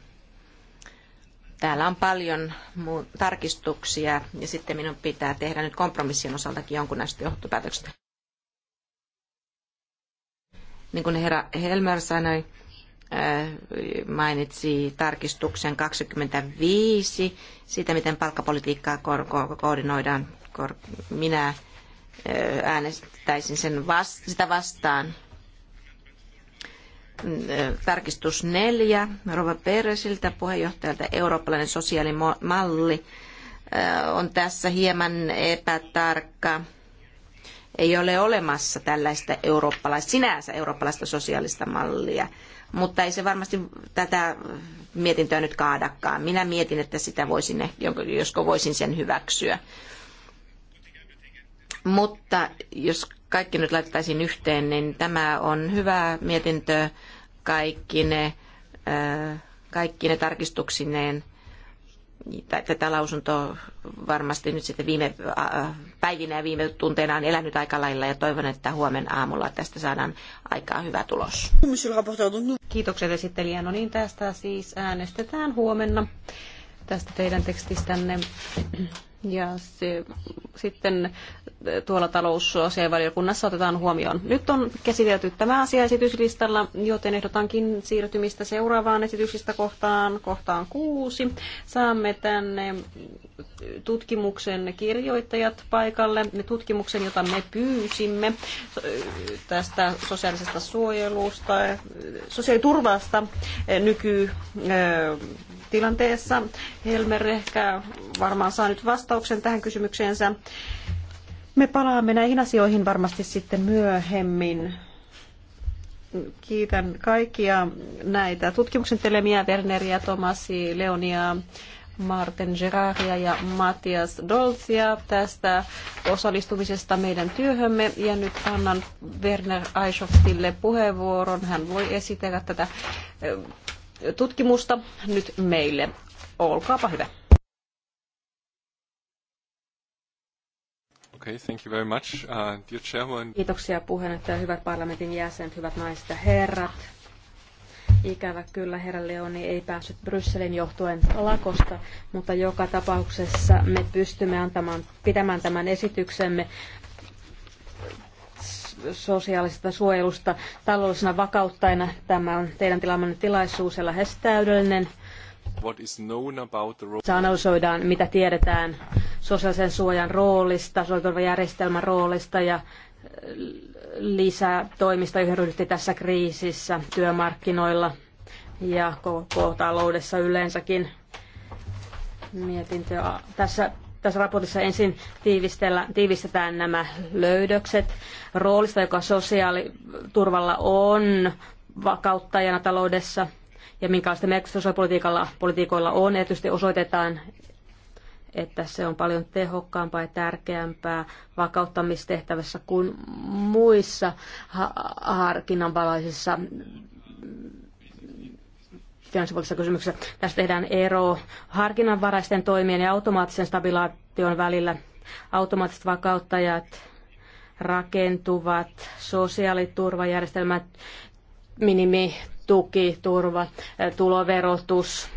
S5: Täällä on paljon tarkistuksia ja sitten minun pitää tehdä nyt kompromissien osaltakin jonkun näistä johtopäätöksistä. Niin kuin herra Helmer sanoi, äh, mainitsi tarkistuksen 25 siitä, miten palkkapolitiikkaa koordinoidaan. minä äh, äänestäisin sen vas- sitä vastaan. Äh, tarkistus neljä Rova Peresiltä puheenjohtajalta eurooppalainen sosiaalimalli on tässä hieman epätarkka ei ole olemassa tällaista eurooppalaista, sinänsä eurooppalaista sosiaalista mallia, mutta ei se varmasti tätä mietintöä nyt kaadakaan. Minä mietin, että sitä voisin, josko voisin sen hyväksyä. Mutta jos kaikki nyt laitettaisiin yhteen, niin tämä on hyvä mietintö kaikki ne, kaikki ne tarkistuksineen – tätä lausuntoa varmasti nyt sitten viime päivinä ja viime tunteina on elänyt aika lailla ja toivon, että huomenna aamulla tästä saadaan aikaa hyvä tulos.
S4: Kiitokset esittelijä. No niin, tästä siis äänestetään huomenna tästä teidän tekstistänne. Ja se, sitten tuolla talousasiainvaliokunnassa otetaan huomioon. Nyt on käsitelty tämä asia esityslistalla, joten ehdotankin siirtymistä seuraavaan esityksistä kohtaan, kohtaan kuusi. Saamme tänne tutkimuksen kirjoittajat paikalle, ne tutkimuksen, jota me pyysimme tästä sosiaalisesta suojelusta, sosiaaliturvasta nyky tilanteessa. Helmer ehkä varmaan saa nyt vastauksen tähän kysymykseensä. Me palaamme näihin asioihin varmasti sitten myöhemmin. Kiitän kaikkia näitä tutkimuksen telemiä, Werneria, Tomasi, Leonia, Martin Gerardia ja Matias Dolcia tästä osallistumisesta meidän työhömme. Ja nyt annan Werner Aishoftille puheenvuoron. Hän voi esitellä tätä tutkimusta
S2: nyt meille. Olkaapa hyvä.
S1: Okay, thank you very much. Uh, dear chairman.
S2: Kiitoksia puheenjohtaja, hyvät parlamentin jäsenet, hyvät naiset ja herrat. Ikävä kyllä herra Leoni ei päässyt Brysselin johtuen lakosta, mutta joka tapauksessa me pystymme antamaan, pitämään tämän esityksemme sosiaalisesta suojelusta taloudellisena vakauttajana. Tämä on teidän tilaamanne tilaisuus ja lähes täydellinen.
S1: What is known about the
S2: analysoidaan, mitä tiedetään sosiaalisen suojan roolista, sosiaaliturvajärjestelmän roolista ja äh, lisätoimista, joihin ryhdyttiin tässä kriisissä työmarkkinoilla ja koko taloudessa yleensäkin mietintöä. Tässä tässä raportissa ensin tiivistetään nämä löydökset roolista, joka sosiaaliturvalla on vakauttajana taloudessa ja minkälaista merkitystä sosiaalipolitiikalla politiikoilla on. Erityisesti osoitetaan, että se on paljon tehokkaampaa ja tärkeämpää vakauttamistehtävässä kuin muissa harkinnanvalaisissa finanssipoliittisessa kysymyksessä. Tässä tehdään ero harkinnanvaraisten toimien ja automaattisen stabilaation välillä. Automaattiset vakauttajat rakentuvat sosiaaliturvajärjestelmät, minimi, tuki, turva, tuloverotus,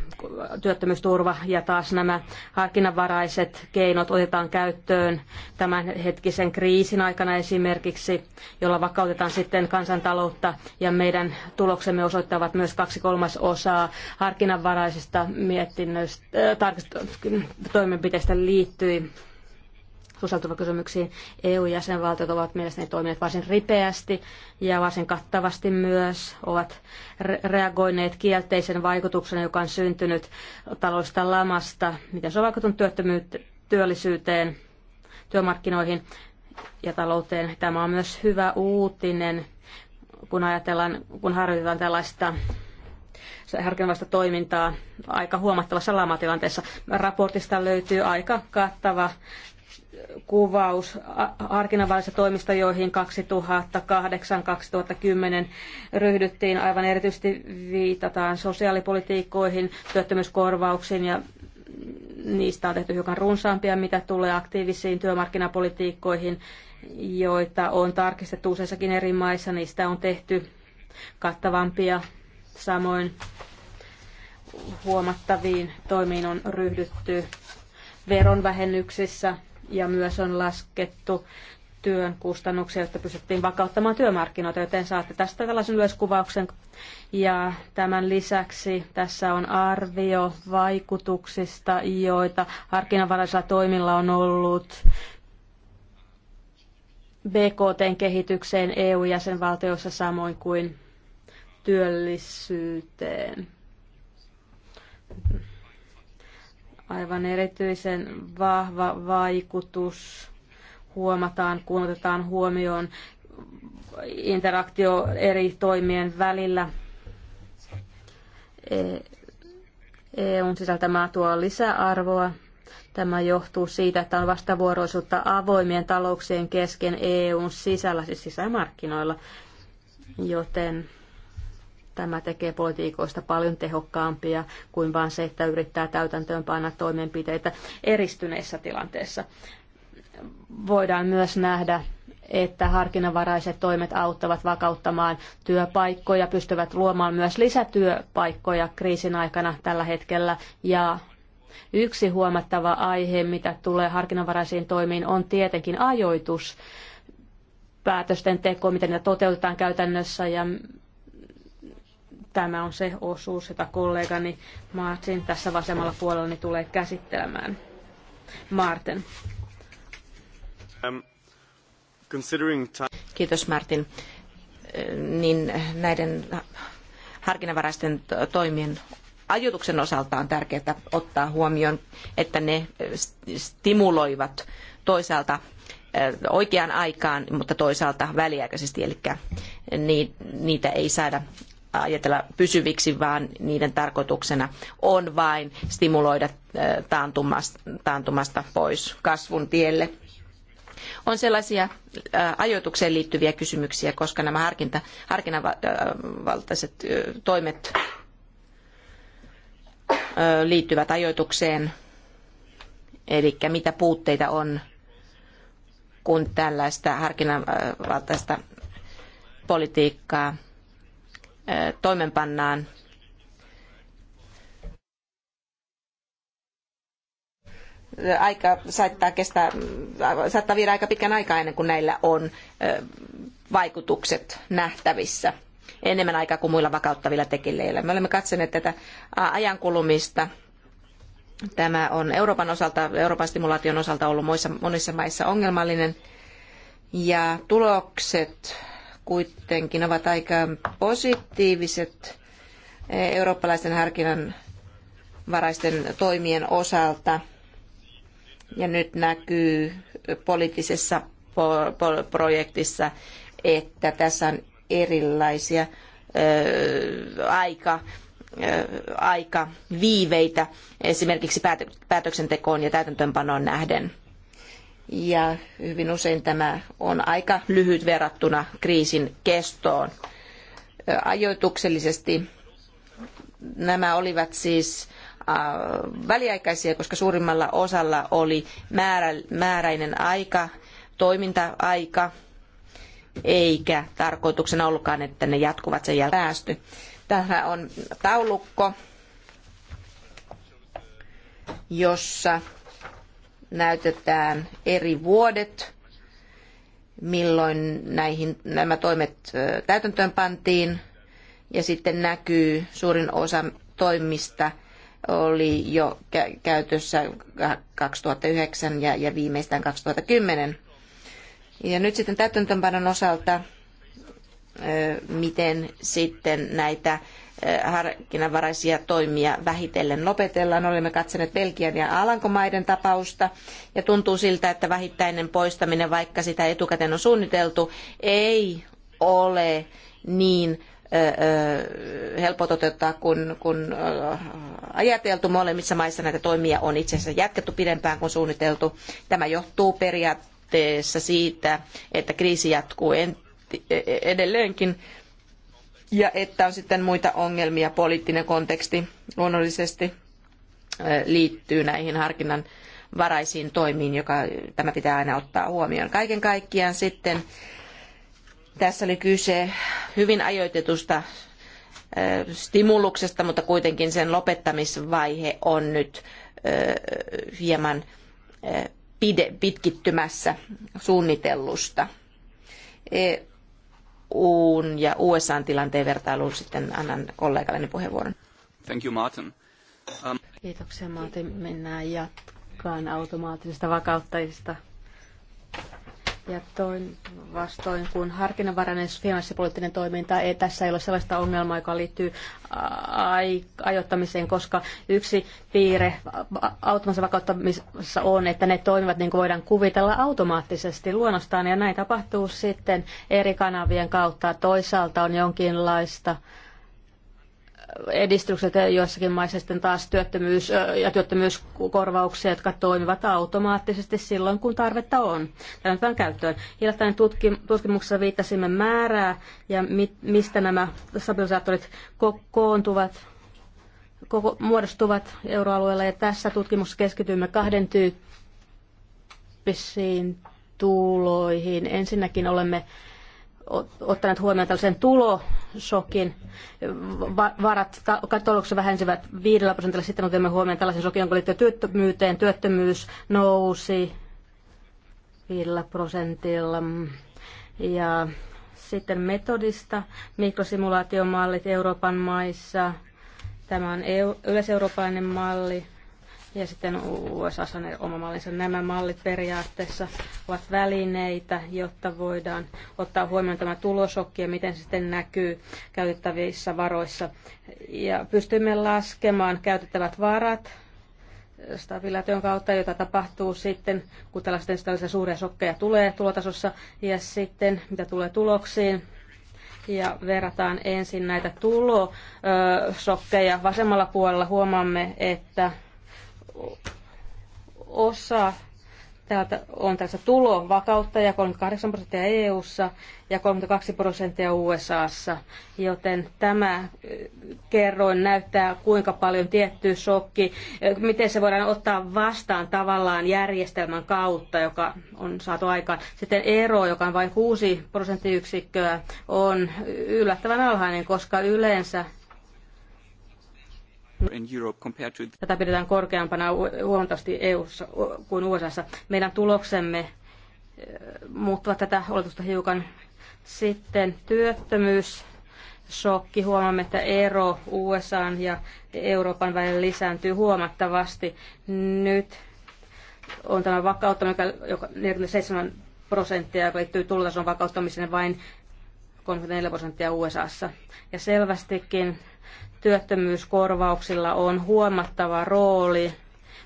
S2: työttömyysturva ja taas nämä harkinnanvaraiset keinot otetaan käyttöön tämän hetkisen kriisin aikana esimerkiksi, jolla vakautetaan sitten kansantaloutta ja meidän tuloksemme osoittavat myös kaksi kolmasosaa harkinnanvaraisista mietinnöistä, äh, toimenpiteistä liittyi sosiaaliturvakysymyksiin. EU-jäsenvaltiot ovat mielestäni toimineet varsin ripeästi ja varsin kattavasti myös ovat reagoineet kielteisen vaikutuksen, joka on syntynyt taloudesta lamasta, miten se on vaikuttanut työllisyyteen, työmarkkinoihin ja talouteen. Tämä on myös hyvä uutinen, kun ajatellaan, kun harjoitetaan tällaista härkinvaista toimintaa aika huomattavassa lamatilanteessa. Raportista löytyy aika kattava kuvaus harkinnanvaraisista toimista, joihin 2008-2010 ryhdyttiin. Aivan erityisesti viitataan sosiaalipolitiikkoihin, työttömyyskorvauksiin ja niistä on tehty hiukan runsaampia, mitä tulee aktiivisiin työmarkkinapolitiikkoihin, joita on tarkistettu useissakin eri maissa. Niistä on tehty kattavampia, samoin huomattaviin toimiin on ryhdytty veronvähennyksissä – ja myös on laskettu työn kustannuksia, jotta pystyttiin vakauttamaan työmarkkinoita, joten saatte tästä tällaisen yleiskuvauksen. Ja tämän lisäksi tässä on arvio vaikutuksista, joita harkinnanvaraisilla toimilla on ollut BKTn kehitykseen EU-jäsenvaltioissa samoin kuin työllisyyteen aivan erityisen vahva vaikutus huomataan, kun otetaan huomioon interaktio eri toimien välillä. EUn e sisältämää tuo lisäarvoa. Tämä johtuu siitä, että on vastavuoroisuutta avoimien talouksien kesken EUn sisällä, siis sisämarkkinoilla, joten Tämä tekee politiikoista paljon tehokkaampia kuin vain se, että yrittää täytäntöönpanna toimenpiteitä eristyneissä tilanteissa. Voidaan myös nähdä, että harkinnanvaraiset toimet auttavat vakauttamaan työpaikkoja, pystyvät luomaan myös lisätyöpaikkoja kriisin aikana tällä hetkellä ja Yksi huomattava aihe, mitä tulee harkinnanvaraisiin toimiin, on tietenkin ajoitus päätösten teko, miten niitä toteutetaan käytännössä ja Tämä on se osuus, jota kollegani Martin tässä vasemmalla puolella niin tulee käsittelemään. Martin.
S4: Um, considering time...
S5: Kiitos Martin. Niin näiden harkinnanvaraisten toimien ajoituksen osalta on tärkeää ottaa huomioon, että ne stimuloivat toisaalta oikeaan aikaan, mutta toisaalta väliaikaisesti, eli niitä ei saada ajatella pysyviksi, vaan niiden tarkoituksena on vain stimuloida äh, taantumasta pois kasvun tielle. On sellaisia äh, ajoitukseen liittyviä kysymyksiä, koska nämä harkinta, harkinnanvaltaiset äh, toimet liittyvät ajoitukseen, eli mitä puutteita on, kun tällaista harkinnanvaltaista politiikkaa toimenpannaan. Aika saattaa, kestää, saattaa viedä aika pitkän aikaa ennen kuin näillä on vaikutukset nähtävissä enemmän aikaa kuin muilla vakauttavilla tekijöillä. Me olemme katsoneet tätä ajankulumista. Tämä on Euroopan osalta, Euroopan stimulaation osalta ollut monissa maissa ongelmallinen. Ja tulokset kuitenkin ovat aika positiiviset eurooppalaisten harkinnan varaisten toimien osalta. Ja nyt näkyy poliittisessa projektissa, että tässä on erilaisia aika aika viiveitä esimerkiksi päätöksentekoon ja täytäntöönpanoon nähden ja hyvin usein tämä on aika lyhyt verrattuna kriisin kestoon. Ajoituksellisesti nämä olivat siis väliaikaisia, koska suurimmalla osalla oli määräinen aika, toiminta-aika, eikä tarkoituksena ollutkaan, että ne jatkuvat sen jälkeen päästy. Tämä on taulukko, jossa näytetään eri vuodet, milloin näihin, nämä toimet täytäntöön pantiin, ja sitten näkyy suurin osa toimista oli jo käytössä 2009 ja, ja viimeistään 2010. Ja nyt sitten täytäntöönpanon osalta, miten sitten näitä Eh, harkinnanvaraisia toimia vähitellen lopetellaan. Olemme katsoneet Belgian ja Alankomaiden tapausta ja tuntuu siltä, että vähittäinen poistaminen, vaikka sitä etukäteen on suunniteltu, ei ole niin eh, eh, helppo toteuttaa kuin, kun ajateltu. Molemmissa maissa näitä toimia on itse asiassa jatkettu pidempään kuin suunniteltu. Tämä johtuu periaatteessa siitä, että kriisi jatkuu e-, e-, edelleenkin ja että on sitten muita ongelmia. Poliittinen konteksti luonnollisesti liittyy näihin harkinnan varaisiin toimiin, joka tämä pitää aina ottaa huomioon. Kaiken kaikkiaan sitten tässä oli kyse hyvin ajoitetusta stimuluksesta, mutta kuitenkin sen lopettamisvaihe on nyt hieman pitkittymässä suunnitellusta. E, EUn ja USAn tilanteen vertailuun sitten annan kollegalleni puheenvuoron.
S1: Thank you, Martin.
S2: Um...
S5: Kiitoksia, Martin. Mennään jatkaan automaattisista vakauttajista.
S2: Ja toin vastoin, kun harkinnanvarainen finanssipoliittinen toiminta ei tässä ei ole sellaista ongelmaa, joka liittyy ajoittamiseen, koska yksi piirre automaattisessa vakauttamisessa on, että ne toimivat niin kuin voidaan kuvitella automaattisesti luonnostaan, ja näin tapahtuu sitten eri kanavien kautta. Toisaalta on jonkinlaista edistykset joissakin maissa sitten taas työttömyys ja työttömyyskorvauksia, jotka toimivat automaattisesti silloin, kun tarvetta on. Tämä on käyttöön. Hiljattain tutkimuksessa viittasimme määrää ja mistä nämä stabilisaattorit kokoontuvat koko, muodostuvat euroalueella ja tässä tutkimuksessa keskitymme kahden tyyppisiin tuloihin. Ensinnäkin olemme ottaneet huomioon tällaisen tulosokin. Varat talouksessa vähensivät 5 prosentilla, sitten otimme huomioon tällaisen sokin, jonka liittyy työttömyyteen. Työttömyys nousi 5 prosentilla. Ja sitten metodista, mikrosimulaatiomallit Euroopan maissa. Tämä on yleiseurooppalainen malli, ja sitten USA on oma mallinsa. Nämä mallit periaatteessa ovat välineitä, jotta voidaan ottaa huomioon tämä tulosokki ja miten se sitten näkyy käytettävissä varoissa. Ja pystymme laskemaan käytettävät varat stabilaation kautta, jota tapahtuu sitten, kun tällaisia, tällaisia suuria sokkeja tulee tulotasossa, ja sitten mitä tulee tuloksiin, ja verrataan ensin näitä tulosokkeja. Vasemmalla puolella huomaamme, että osa täältä on tässä tulon vakautta ja 38 prosenttia EU:ssa ja 32 prosenttia USAssa, joten tämä kerroin näyttää kuinka paljon tietty shokki, miten se voidaan ottaa vastaan tavallaan järjestelmän kautta, joka on saatu aikaan. Sitten ero, joka on vain 6 prosenttiyksikköä, on yllättävän alhainen, koska yleensä Tätä pidetään korkeampana huomattavasti EU kuin USAssa. Meidän tuloksemme eh, muuttuvat tätä oletusta hiukan. Sitten työttömyys, shokki. Huomaamme, että ero USA ja Euroopan välillä lisääntyy huomattavasti. Nyt on tämä vakauttaminen, joka 47 prosenttia, joka liittyy tulotason vakauttamiseen vain 34 prosenttia USAssa. Ja selvästikin työttömyyskorvauksilla on huomattava rooli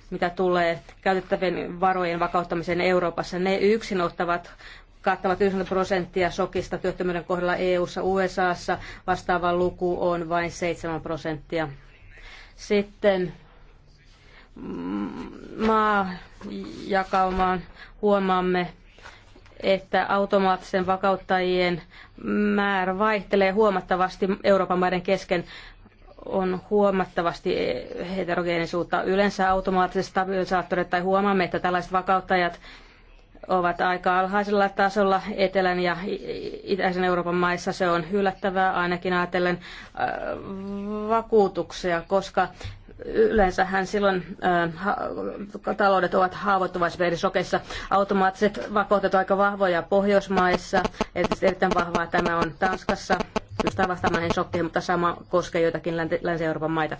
S2: mitä tulee käytettävien varojen vakauttamiseen Euroopassa. Ne yksin ottavat kattavat 90 prosenttia sokista työttömyyden kohdalla EU-ssa. USAssa vastaava luku on vain 7 prosenttia. Sitten mm, maajakaumaan huomaamme, että automaattisen vakauttajien määrä vaihtelee huomattavasti Euroopan maiden kesken on huomattavasti heterogeenisuutta. Yleensä automaattiset stabilisaattorit tai huomaamme, että tällaiset vakauttajat ovat aika alhaisella tasolla Etelän ja Itäisen Euroopan maissa. Se on yllättävää ainakin ajatellen äh, vakuutuksia, koska yleensähän silloin äh, taloudet ovat haavoittuvaisia eri sokeissa. Automaattiset vakuutet ovat aika vahvoja Pohjoismaissa, erittäin vahvaa tämä on Tanskassa, pystytään vastaamaan näihin shokkeihin, mutta sama koskee joitakin Länsi-Euroopan maita.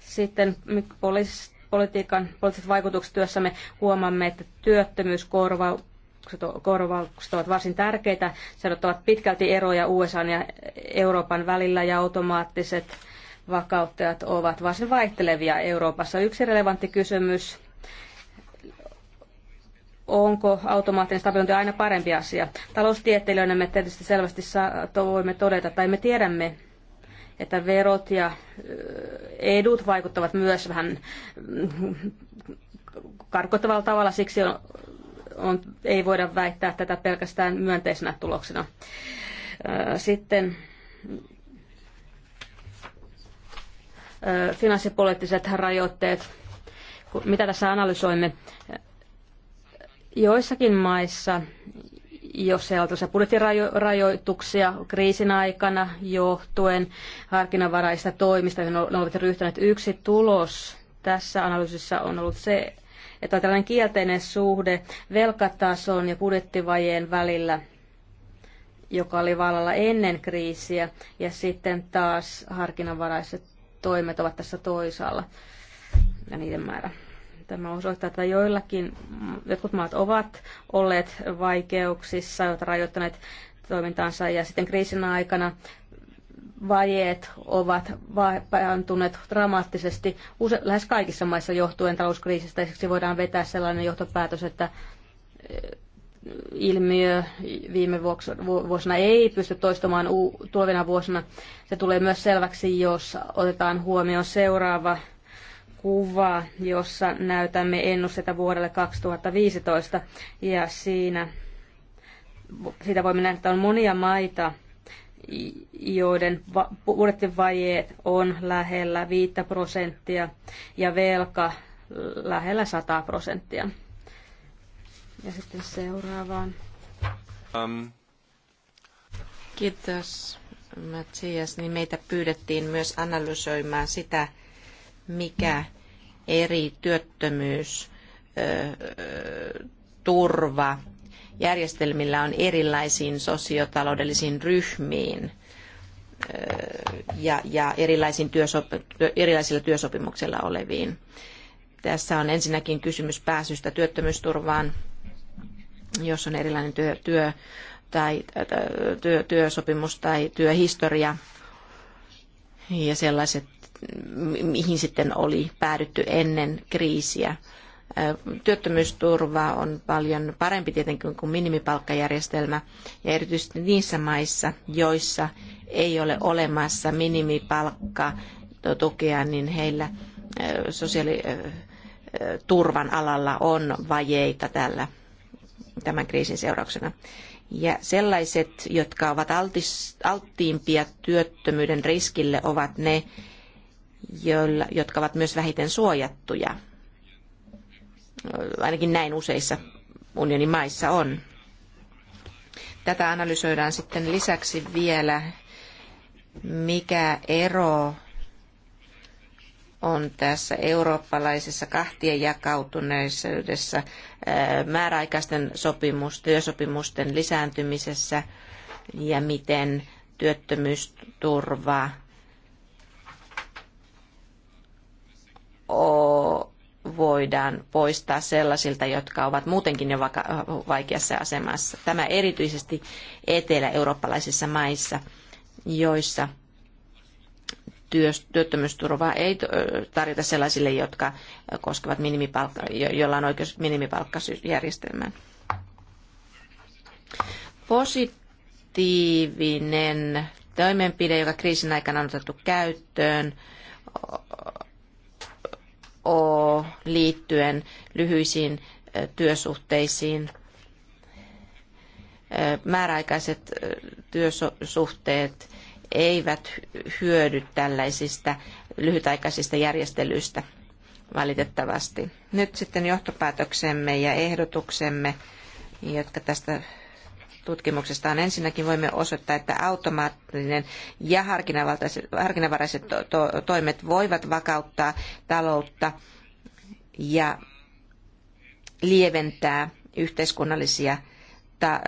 S2: Sitten politiikan, poliittiset vaikutukset työssämme huomaamme, että työttömyyskorvaukset ovat varsin tärkeitä. Se ovat pitkälti eroja USA ja Euroopan välillä ja automaattiset vakauttajat ovat varsin vaihtelevia Euroopassa. Yksi relevantti kysymys onko automaattinen stabilointi aina parempi asia. Taloustieteilijöinä me tietysti selvästi voimme todeta, tai me tiedämme, että verot ja edut vaikuttavat myös vähän mm, karkottavalla tavalla, siksi on, on, ei voida väittää tätä pelkästään myönteisenä tuloksena. Sitten finanssipoliittiset rajoitteet, mitä tässä analysoimme, Joissakin maissa, jos ei ole budjettirajoituksia kriisin aikana johtuen harkinnanvaraisista toimista, joihin ne ovat ryhtyneet yksi tulos tässä analyysissä on ollut se, että on tällainen kielteinen suhde velkatason ja budjettivajeen välillä, joka oli vallalla ennen kriisiä, ja sitten taas harkinnanvaraiset toimet ovat tässä toisaalla ja niiden määrä. Tämä osoittaa, että joillakin jotkut maat ovat olleet vaikeuksissa, ovat rajoittaneet toimintaansa ja sitten kriisin aikana vajeet ovat parantuneet dramaattisesti use- lähes kaikissa maissa johtuen talouskriisistä. Siksi voidaan vetää sellainen johtopäätös, että eh, ilmiö viime vuosina ei pysty toistumaan tulevina vuosina. Se tulee myös selväksi, jos otetaan huomioon seuraava kuva, jossa näytämme ennusteita vuodelle 2015 ja siinä siitä voimme nähdä, että on monia maita, joiden budjettivajeet on lähellä 5 prosenttia ja velka
S5: lähellä 100 prosenttia. Ja sitten seuraavaan. Um. Kiitos Mattias. Niin meitä pyydettiin myös analysoimaan sitä, mikä eri työttömyys turva järjestelmillä on erilaisiin sosiotaloudellisiin ryhmiin ja, ja erilaisiin työsop- erilaisilla työsopimuksilla oleviin. Tässä on ensinnäkin kysymys pääsystä työttömyysturvaan, jos on erilainen työ, työ tai työ, työsopimus tai työhistoria ja sellaiset mihin sitten oli päädytty ennen kriisiä. Työttömyysturva on paljon parempi tietenkin kuin minimipalkkajärjestelmä ja erityisesti niissä maissa, joissa ei ole olemassa minimipalkkatukea, niin heillä sosiaaliturvan alalla on vajeita tällä, tämän kriisin seurauksena. Ja sellaiset, jotka ovat alttiimpia työttömyyden riskille, ovat ne, joilla, jotka ovat myös vähiten suojattuja. Ainakin näin useissa unionin maissa on. Tätä analysoidaan sitten lisäksi vielä, mikä ero on tässä eurooppalaisessa kahtien jakautuneisuudessa, määräaikaisten sopimus, työsopimusten lisääntymisessä ja miten työttömyysturva voidaan poistaa sellaisilta, jotka ovat muutenkin jo vaikeassa asemassa. Tämä erityisesti etelä-eurooppalaisissa maissa, joissa työttömyysturvaa ei tarjota sellaisille, jotka koskevat minimipalkka, joilla on oikeus minimipalkkajärjestelmään. Positiivinen toimenpide, joka kriisin aikana on otettu käyttöön, liittyen lyhyisiin työsuhteisiin. Määräaikaiset työsuhteet eivät hyödy tällaisista lyhytaikaisista järjestelyistä valitettavasti. Nyt sitten johtopäätöksemme ja ehdotuksemme, jotka tästä tutkimuksestaan. Ensinnäkin voimme osoittaa, että automaattinen ja harkinnanvaraiset toimet voivat vakauttaa taloutta ja lieventää yhteiskunnallisia äh,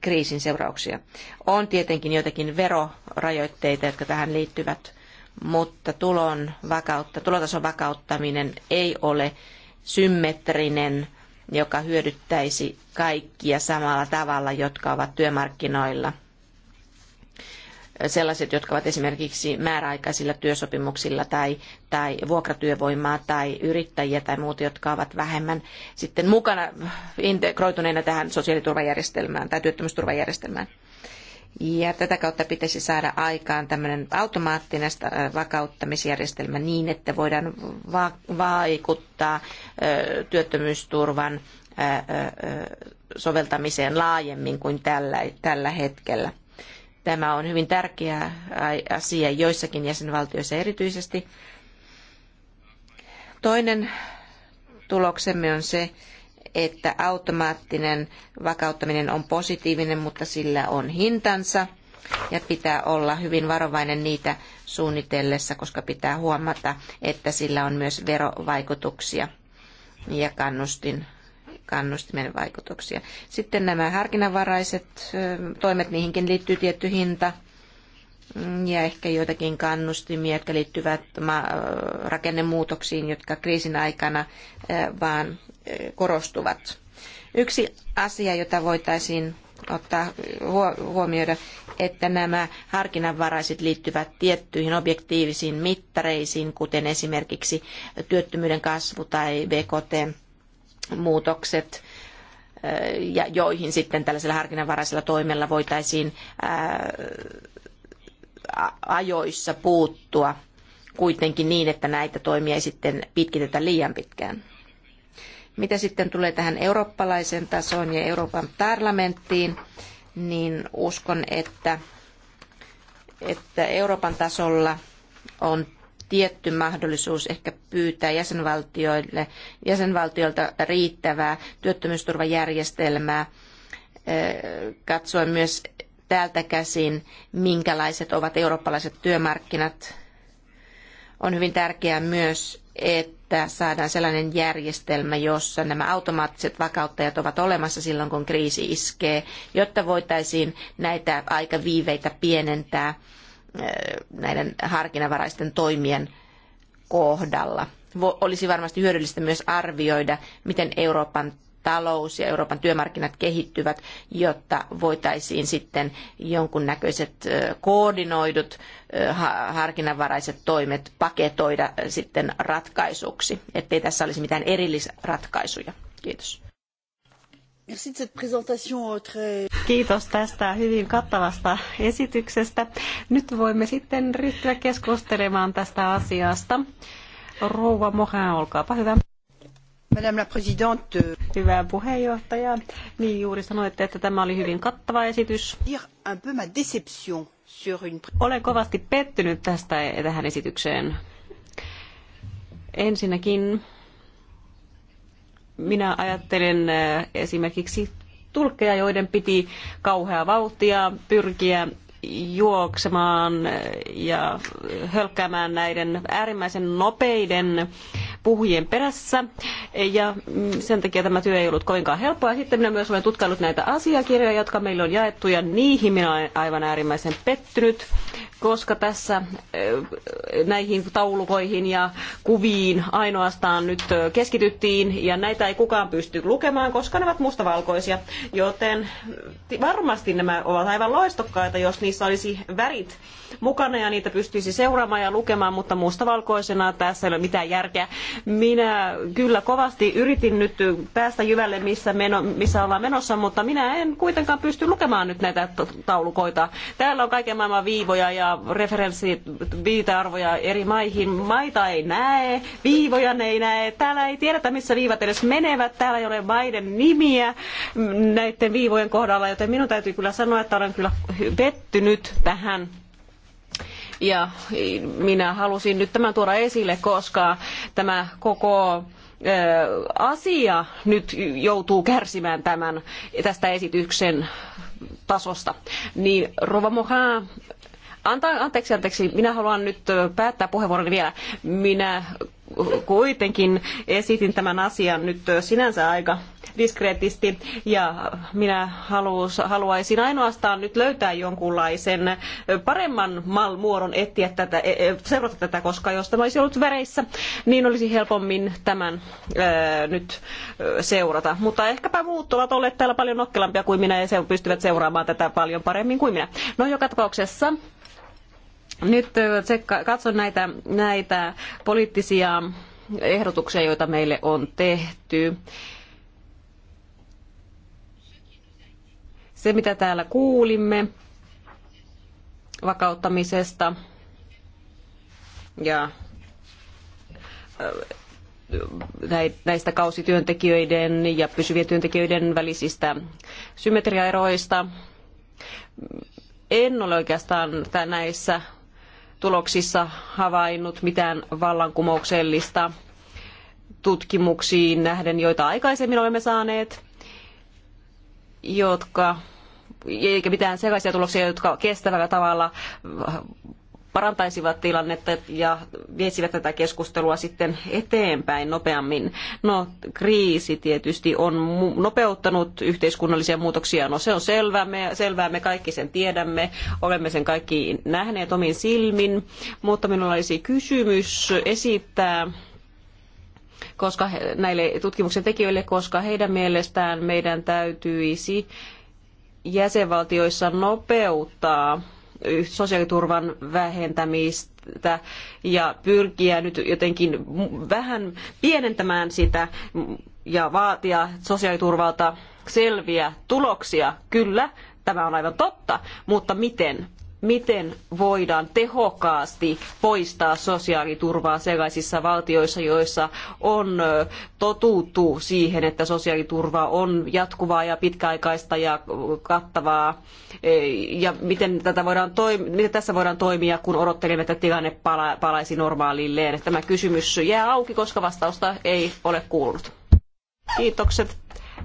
S5: kriisin seurauksia. On tietenkin joitakin verorajoitteita, jotka tähän liittyvät, mutta tulon vakautta, tulotason vakauttaminen ei ole symmetrinen joka hyödyttäisi kaikkia samalla tavalla, jotka ovat työmarkkinoilla. Sellaiset, jotka ovat esimerkiksi määräaikaisilla työsopimuksilla tai, tai vuokratyövoimaa tai yrittäjiä tai muuta, jotka ovat vähemmän sitten mukana integroituneina tähän sosiaaliturvajärjestelmään tai työttömyysturvajärjestelmään. Ja tätä kautta pitäisi saada aikaan tämmöinen automaattinen äh, vakauttamisjärjestelmä niin, että voidaan vaikuttaa äh, työttömyysturvan äh, soveltamiseen laajemmin kuin tällä, tällä hetkellä. Tämä on hyvin tärkeä asia joissakin jäsenvaltioissa erityisesti. Toinen tuloksemme on se, että automaattinen vakauttaminen on positiivinen, mutta sillä on hintansa ja pitää olla hyvin varovainen niitä suunnitellessa, koska pitää huomata, että sillä on myös verovaikutuksia ja kannustin kannustimen vaikutuksia. Sitten nämä harkinnanvaraiset toimet, niihinkin liittyy tietty hinta. Mm, ja ehkä joitakin kannustimia, jotka liittyvät rakennemuutoksiin, jotka kriisin aikana vaan korostuvat. Yksi asia, jota voitaisiin ottaa huomioida, että nämä harkinnanvaraiset liittyvät tiettyihin objektiivisiin mittareisiin, kuten esimerkiksi työttömyyden kasvu tai BKT-muutokset, ja joihin sitten tällaisella harkinnanvaraisella toimella voitaisiin ajoissa puuttua kuitenkin niin, että näitä toimia ei sitten pitkitetä liian pitkään. Mitä sitten tulee tähän eurooppalaisen tasoon ja Euroopan parlamenttiin, niin uskon, että, että Euroopan tasolla on tietty mahdollisuus ehkä pyytää jäsenvaltioille, jäsenvaltioilta riittävää työttömyysturvajärjestelmää, eh, katsoa myös täältä käsin, minkälaiset ovat eurooppalaiset työmarkkinat. On hyvin tärkeää myös, että saadaan sellainen järjestelmä, jossa nämä automaattiset vakauttajat ovat olemassa silloin, kun kriisi iskee, jotta voitaisiin näitä aikaviiveitä pienentää eh, näiden harkinnanvaraisten toimien kohdalla. Olisi varmasti hyödyllistä myös arvioida, miten Euroopan talous ja Euroopan työmarkkinat kehittyvät, jotta voitaisiin sitten jonkunnäköiset koordinoidut harkinnanvaraiset toimet paketoida sitten ratkaisuksi, ettei tässä olisi mitään erillisratkaisuja. Kiitos.
S4: Euh, Kiitos tästä hyvin kattavasta esityksestä. Nyt voimme sitten ryhtyä keskustelemaan tästä asiasta. Rouva Mohan, olkaapa hyvä. Madame Hyvää Niin juuri sanoitte, että tämä oli hyvin kattava esitys. Olen kovasti pettynyt tästä, eh, tähän esitykseen. Ensinnäkin minä ajattelen eh, esimerkiksi tulkkeja, joiden piti kauhea vauhtia pyrkiä juoksemaan eh, ja hölkkäämään näiden äärimmäisen nopeiden puhujien perässä ja mm, sen takia tämä työ ei ollut kovinkaan helppoa. Sitten minä myös olen tutkailut näitä asiakirjoja, jotka meille on jaettu ja niihin minä olen aivan äärimmäisen pettynyt koska tässä eh, näihin taulukoihin ja kuviin ainoastaan nyt eh, keskityttiin ja näitä ei kukaan pysty lukemaan, koska ne ovat mustavalkoisia, joten varmasti nämä ovat aivan loistokkaita, jos niissä olisi värit mukana ja niitä pystyisi seuraamaan ja lukemaan, mutta mustavalkoisena tässä ei ole mitään järkeä. Minä kyllä kovasti yritin nyt päästä jyvälle, missä, meno, missä ollaan menossa, mutta minä en kuitenkaan pysty lukemaan nyt näitä taulukoita. Täällä on kaiken maailman viivoja ja ja referenssit, viitearvoja eri maihin. Maita ei näe, viivoja ne ei näe. Täällä ei tiedetä, missä viivat edes menevät. Täällä ei ole maiden nimiä näiden viivojen kohdalla, joten minun täytyy kyllä sanoa, että olen kyllä pettynyt tähän ja minä halusin nyt tämän tuoda esille, koska tämä koko asia nyt joutuu kärsimään tämän, tästä esityksen tasosta. Niin Rova Mohan Anta, anteeksi, anteeksi, minä haluan nyt päättää puheenvuoroni vielä. Minä kuitenkin esitin tämän asian nyt sinänsä aika diskreetisti ja minä haluus, haluaisin ainoastaan nyt löytää jonkunlaisen paremman mal muodon etsiä tätä, e, e, seurata tätä, koska jos tämä olisi ollut väreissä, niin olisi helpommin tämän ää, nyt seurata. Mutta ehkäpä muut ovat olleet täällä paljon nokkelampia kuin minä ja se pystyvät seuraamaan tätä paljon paremmin kuin minä. No joka tapauksessa nyt tsekka, katson näitä, näitä poliittisia ehdotuksia, joita meille on tehty. Se, mitä täällä kuulimme vakauttamisesta ja näistä kausityöntekijöiden ja pysyvien työntekijöiden välisistä symmetriaeroista. En ole oikeastaan näissä tuloksissa havainnut mitään vallankumouksellista tutkimuksiin nähden, joita aikaisemmin olemme saaneet, jotka eikä mitään sellaisia tuloksia, jotka kestävällä tavalla parantaisivat tilannetta ja viesivät tätä keskustelua sitten eteenpäin nopeammin. No, kriisi tietysti on nopeuttanut yhteiskunnallisia muutoksia. No, se on selvää me, selvää, me kaikki sen tiedämme, olemme sen kaikki nähneet omin silmin, mutta minulla olisi kysymys esittää koska näille tutkimuksen tekijöille, koska heidän mielestään meidän täytyisi jäsenvaltioissa nopeuttaa sosiaaliturvan vähentämistä ja pyrkiä nyt jotenkin vähän pienentämään sitä ja vaatia sosiaaliturvalta selviä tuloksia. Kyllä, tämä on aivan totta, mutta miten? miten voidaan tehokkaasti poistaa sosiaaliturvaa sellaisissa valtioissa, joissa on totuttu siihen, että sosiaaliturva on jatkuvaa ja pitkäaikaista ja kattavaa. E, ja miten, tätä voidaan toimi, miten tässä voidaan toimia, kun odottelemme, että tilanne pala- palaisi normaalilleen. Tämä kysymys jää auki, koska vastausta ei ole kuulunut. Kiitokset.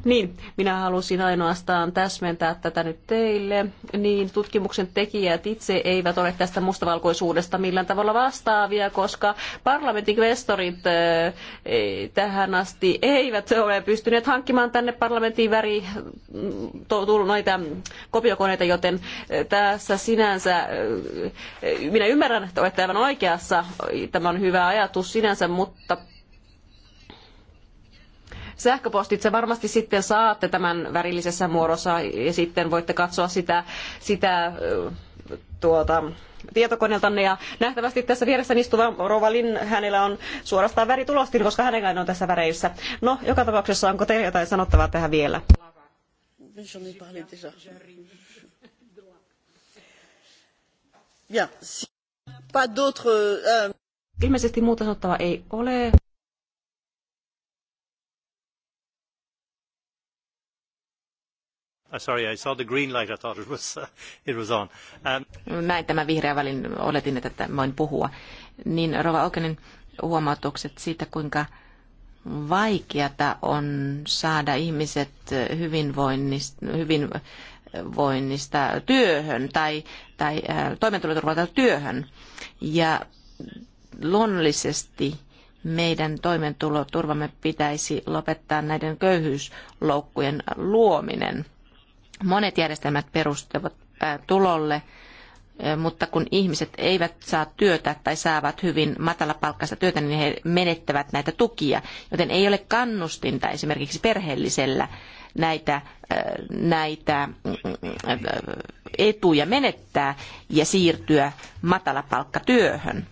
S4: Niin, minä halusin ainoastaan täsmentää tätä nyt teille. Niin, tutkimuksen tekijät itse eivät ole tästä mustavalkoisuudesta millään tavalla vastaavia, koska parlamentin kvestorit tähän asti eivät ole pystyneet hankkimaan tänne parlamentin väri mm, noita kopiokoneita, joten tässä sinänsä, minä ymmärrän, että olette aivan oikeassa, tämä on hyvä ajatus sinänsä, mutta sähköpostitse varmasti sitten saatte tämän värillisessä muodossa ja sitten voitte katsoa sitä, sitä tuota, tietokoneeltanne ja nähtävästi tässä vieressäni istuva Rova Lin, hänellä on suorastaan väritulostin, koska hänellä on tässä väreissä. No, joka tapauksessa onko teillä jotain sanottavaa tähän vielä?
S1: Euh, euh.
S4: Ilmeisesti muuta sanottavaa ei ole. Uh, sorry, I saw the green light. I thought it was, uh, it was on. Um...
S5: Näin tämä vihreä välin, oletin, että voin puhua. Niin Rova Okenin huomautukset siitä, kuinka vaikeata on saada ihmiset hyvinvoinnista, hyvinvoinnista työhön tai, tai äh, toimeentuloturvalta työhön. Ja luonnollisesti meidän toimeentuloturvamme pitäisi lopettaa näiden köyhyysloukkujen luominen – Monet järjestelmät perustuvat tulolle, mutta kun ihmiset eivät saa työtä tai saavat hyvin matalapalkkaista työtä, niin he menettävät näitä tukia, joten ei ole kannustinta esimerkiksi perheellisellä näitä, näitä mm, mm, etuja menettää ja siirtyä matalapalkkatyöhön.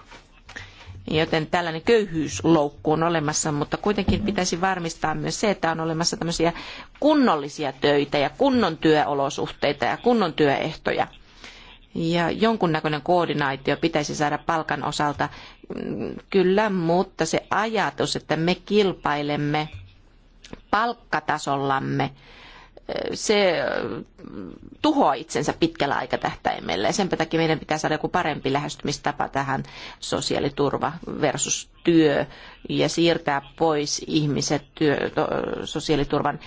S5: Joten tällainen köyhyysloukku on olemassa, mutta kuitenkin pitäisi varmistaa myös se, että on olemassa tämmöisiä kunnollisia töitä ja kunnon työolosuhteita ja kunnon työehtoja. Ja jonkunnäköinen koordinaatio pitäisi saada palkan osalta, mm, kyllä, mutta se ajatus, että me kilpailemme palkkatasollamme, se tuhoaa itsensä pitkällä aikatähtäimellä. Ja sen takia meidän pitää saada joku parempi lähestymistapa tähän sosiaaliturva versus työ ja siirtää pois ihmiset työ, to, sosiaaliturvan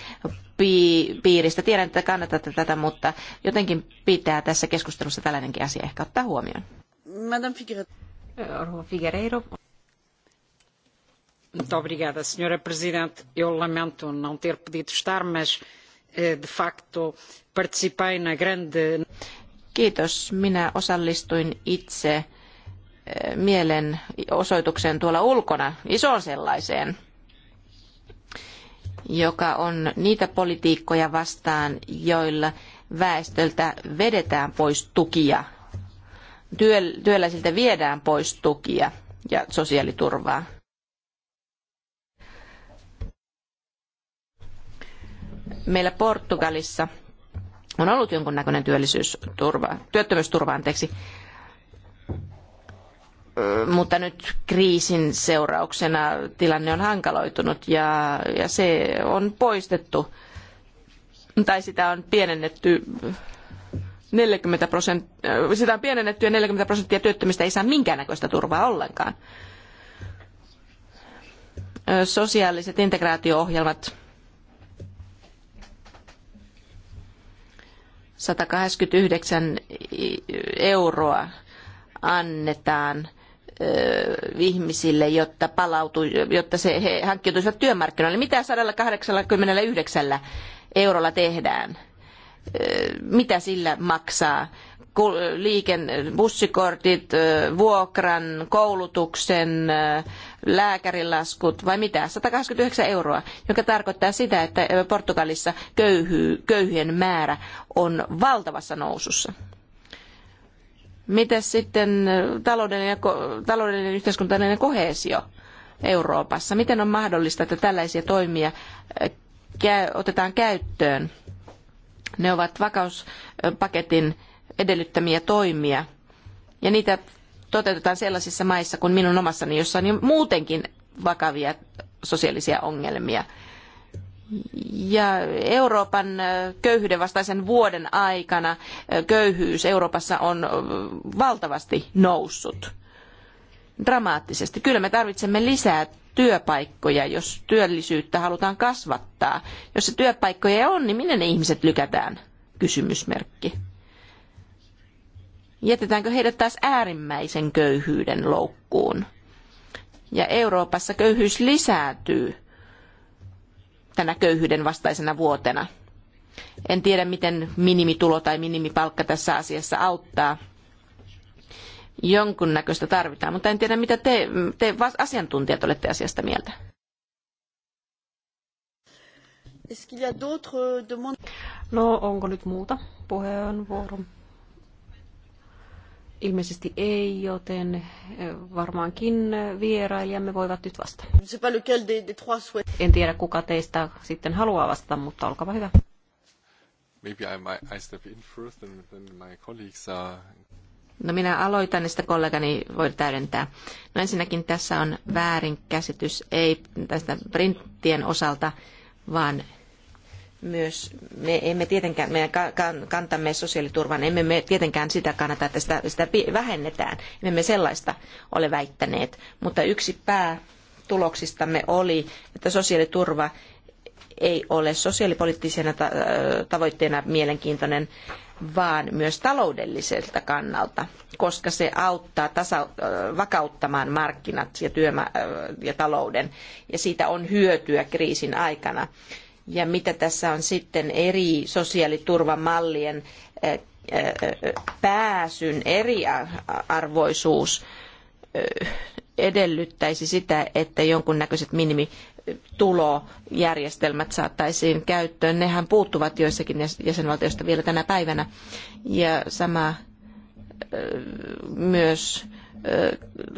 S5: piiristä. Tiedän, että kannatatte tätä, mutta jotenkin pitää tässä keskustelussa tällainenkin asia ehkä ottaa huomioon.
S4: Madame Figueiredo. Muito obrigada, Sra. Presidente. Eu lamento não ter podido estar, mas Eh, de facto
S5: na grande... Kiitos. Minä osallistuin itse eh, mielenosoitukseen tuolla ulkona, isoon sellaiseen, joka on niitä politiikkoja vastaan, joilla väestöltä vedetään pois tukia, työläisiltä viedään pois tukia ja sosiaaliturvaa meillä Portugalissa on ollut jonkunnäköinen työllisyysturva, työttömyysturva, anteeksi, mutta nyt kriisin seurauksena tilanne on hankaloitunut ja, ja se on poistettu tai sitä on pienennetty 40 prosenttia, sitä on pienennetty ja 40 prosenttia työttömistä ei saa minkäännäköistä turvaa ollenkaan. Sosiaaliset integraatio-ohjelmat 189 euroa annetaan ihmisille, jotta, palautu, jotta se, he hankkiutuisivat työmarkkinoille. Mitä 189 eurolla tehdään? Mitä sillä maksaa? liiken, bussikortit, vuokran, koulutuksen, lääkärilaskut vai mitä, 189 euroa, joka tarkoittaa sitä, että Portugalissa köyhy, köyhien määrä on valtavassa nousussa. Miten sitten taloudellinen, taloudellinen yhteiskuntallinen kohesio Euroopassa? Miten on mahdollista, että tällaisia toimia otetaan käyttöön? Ne ovat vakauspaketin edellyttämiä toimia, ja niitä toteutetaan sellaisissa maissa kuin minun omassani, jossa on jo muutenkin vakavia sosiaalisia ongelmia. Ja Euroopan köyhyyden vastaisen vuoden aikana köyhyys Euroopassa on valtavasti noussut dramaattisesti. Kyllä me tarvitsemme lisää työpaikkoja, jos työllisyyttä halutaan kasvattaa. Jos se työpaikkoja on, niin minne ne ihmiset lykätään? Kysymysmerkki. Jätetäänkö heidät taas äärimmäisen köyhyyden loukkuun? Ja Euroopassa köyhyys lisääntyy tänä köyhyyden vastaisena vuotena. En tiedä, miten minimitulo tai minimipalkka tässä asiassa auttaa. Jonkun näköistä tarvitaan, mutta en tiedä, mitä te, te asiantuntijat olette asiasta mieltä.
S4: No, onko nyt muuta puheenvuoron Ilmeisesti ei, joten eh, varmaankin vierailijamme voivat nyt vastata.
S5: En tiedä, kuka teistä sitten haluaa vastata, mutta olkaa hyvä. No minä aloitan, niin sitä kollegani voi täydentää. No ensinnäkin tässä on väärinkäsitys, ei tästä printtien osalta, vaan myös, me emme tietenkään, meidän kantamme sosiaaliturvan, emme me tietenkään sitä kannata, että sitä, sitä vähennetään. Emme me sellaista ole väittäneet, mutta yksi päätuloksistamme oli, että sosiaaliturva ei ole sosiaalipoliittisena tavoitteena mielenkiintoinen, vaan myös taloudelliselta kannalta, koska se auttaa tasa, vakauttamaan markkinat ja, työma- ja talouden, ja siitä on hyötyä kriisin aikana ja mitä tässä on sitten eri sosiaaliturvamallien eh, eh, pääsyn eriarvoisuus eh, edellyttäisi sitä, että jonkunnäköiset minimitulojärjestelmät saattaisiin käyttöön. Nehän puuttuvat joissakin jäsenvaltioista vielä tänä päivänä. Ja sama myös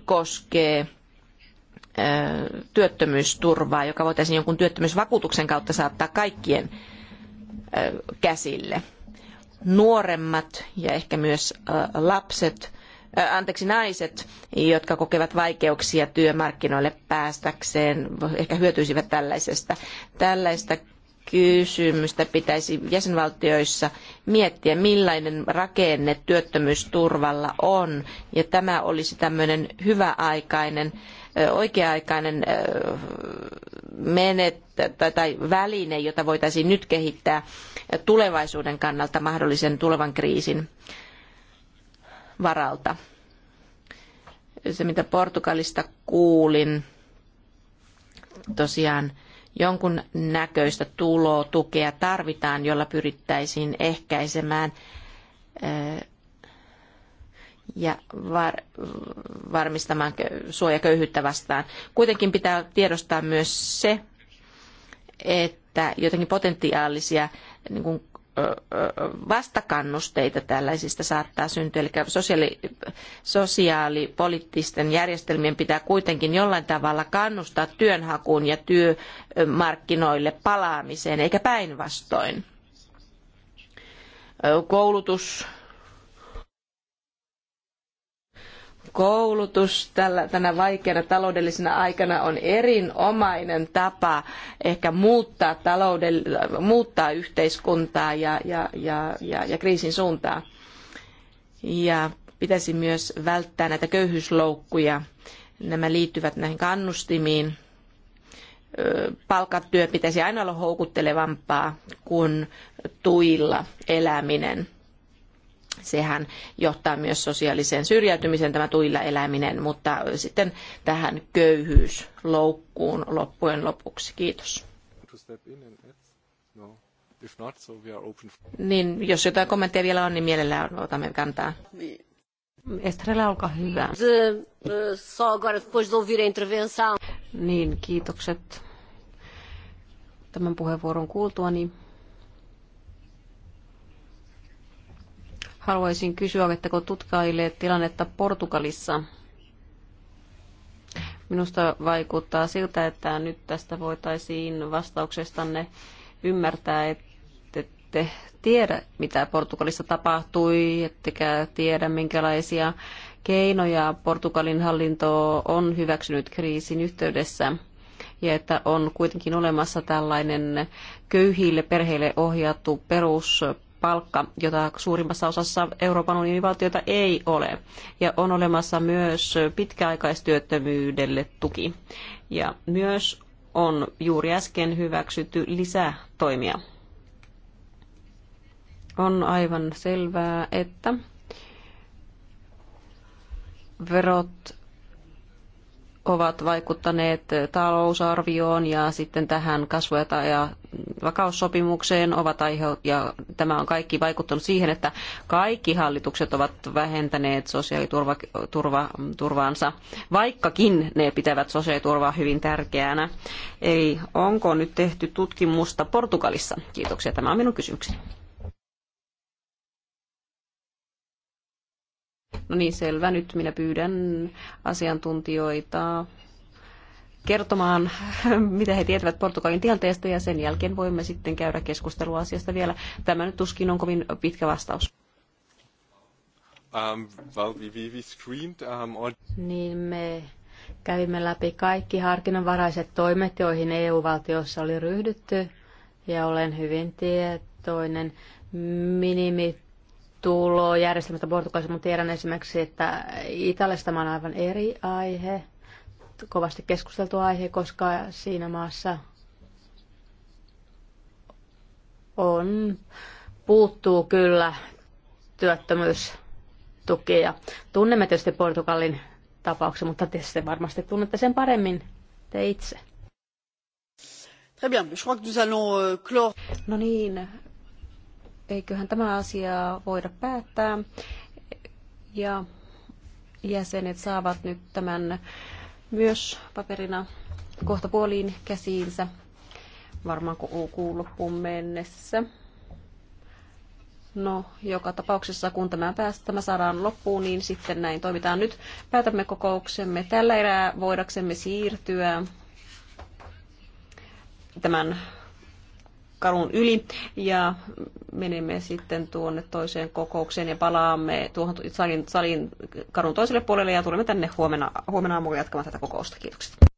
S5: koskee työttömyysturvaa, joka voitaisiin jonkun työttömyysvakuutuksen kautta saattaa kaikkien käsille. Nuoremmat ja ehkä myös lapset, anteeksi naiset, jotka kokevat vaikeuksia työmarkkinoille päästäkseen, ehkä hyötyisivät tällaisesta. Tällaista kysymystä pitäisi jäsenvaltioissa miettiä, millainen rakenne työttömyysturvalla on. Ja tämä olisi tämmöinen hyväaikainen aikainen oikea-aikainen menet, tai väline, jota voitaisiin nyt kehittää tulevaisuuden kannalta mahdollisen tulevan kriisin varalta. Se, mitä Portugalista kuulin, tosiaan jonkun näköistä tulotukea tarvitaan, jolla pyrittäisiin ehkäisemään ja var, varmistamaan suojaköyhyyttä vastaan. Kuitenkin pitää tiedostaa myös se, että jotenkin potentiaalisia niin kuin, vastakannusteita tällaisista saattaa syntyä. Eli sosiaali, sosiaalipoliittisten järjestelmien pitää kuitenkin jollain tavalla kannustaa työnhakuun ja työmarkkinoille palaamiseen, eikä päinvastoin. Koulutus koulutus tällä, tänä vaikeana taloudellisena aikana on erinomainen tapa ehkä muuttaa, talouden, muuttaa yhteiskuntaa ja, ja, ja, ja, ja kriisin suuntaa. Ja pitäisi myös välttää näitä köyhyysloukkuja. Nämä liittyvät näihin kannustimiin. Palkatyö pitäisi aina olla houkuttelevampaa kuin tuilla eläminen Sehän johtaa myös sosiaaliseen syrjäytymiseen tämä tuilla eläminen, mutta sitten tähän köyhyysloukkuun loppujen lopuksi. Kiitos. Niin, jos jotain kommentteja vielä on, niin mielellään otamme kantaa. Estrella, olkaa hyvä. Niin, kiitokset
S4: tämän puheenvuoron kuultuani. Niin Haluaisin kysyä, oletteko tutkaileet tilannetta Portugalissa? Minusta vaikuttaa siltä, että nyt tästä voitaisiin vastauksestanne ymmärtää, että ette tiedä, mitä Portugalissa tapahtui, ettekä tiedä, minkälaisia keinoja Portugalin hallinto on hyväksynyt kriisin yhteydessä ja että on kuitenkin olemassa tällainen köyhille perheille ohjattu perus palkka, jota suurimmassa osassa Euroopan unionin valtioita ei ole. Ja on olemassa myös pitkäaikaistyöttömyydelle tuki. Ja myös on juuri äsken hyväksytty lisätoimia. On aivan selvää, että verot ovat vaikuttaneet talousarvioon ja sitten tähän kasvu- ja vakaussopimukseen ovat aihe- ja tämä on kaikki vaikuttanut siihen, että kaikki hallitukset ovat vähentäneet sosiaaliturvaansa, vaikkakin ne pitävät sosiaaliturvaa hyvin tärkeänä. Eli onko nyt tehty tutkimusta Portugalissa? Kiitoksia, tämä on minun kysymykseni. No niin, selvä. Nyt minä pyydän asiantuntijoita kertomaan, mitä he tietävät Portugalin tilanteesta ja sen jälkeen voimme sitten käydä keskustelua asiasta vielä. Tämä nyt tuskin on kovin pitkä
S2: vastaus.
S1: Um, well, we, we screened, um, or...
S2: Niin me kävimme läpi kaikki harkinnanvaraiset toimet, joihin EU-valtiossa oli ryhdytty ja olen hyvin tietoinen minimi tulojärjestelmästä Portugalissa, mutta tiedän esimerkiksi, että Italiassa tämä on aivan eri aihe, kovasti keskusteltu aihe, koska siinä maassa on, puuttuu kyllä työttömyystukia. Tunnemme tietysti Portugalin tapauksen, mutta te se varmasti tunnette sen paremmin te itse.
S1: Très bien, je crois que nous allons euh, clore.
S4: No niin, eiköhän tämä asia voida päättää. Ja jäsenet saavat nyt tämän myös paperina kohta puoliin käsiinsä varmaan kuun loppuun mennessä. No, joka tapauksessa kun tämä, päästä, tämä saadaan loppuun, niin sitten näin toimitaan. Nyt päätämme kokouksemme tällä erää voidaksemme siirtyä tämän karun yli ja menemme sitten tuonne toiseen kokoukseen ja palaamme tuohon salin, salin karun toiselle puolelle ja tulemme tänne huomenna, huomenna aamulla jatkamaan tätä kokousta. Kiitokset.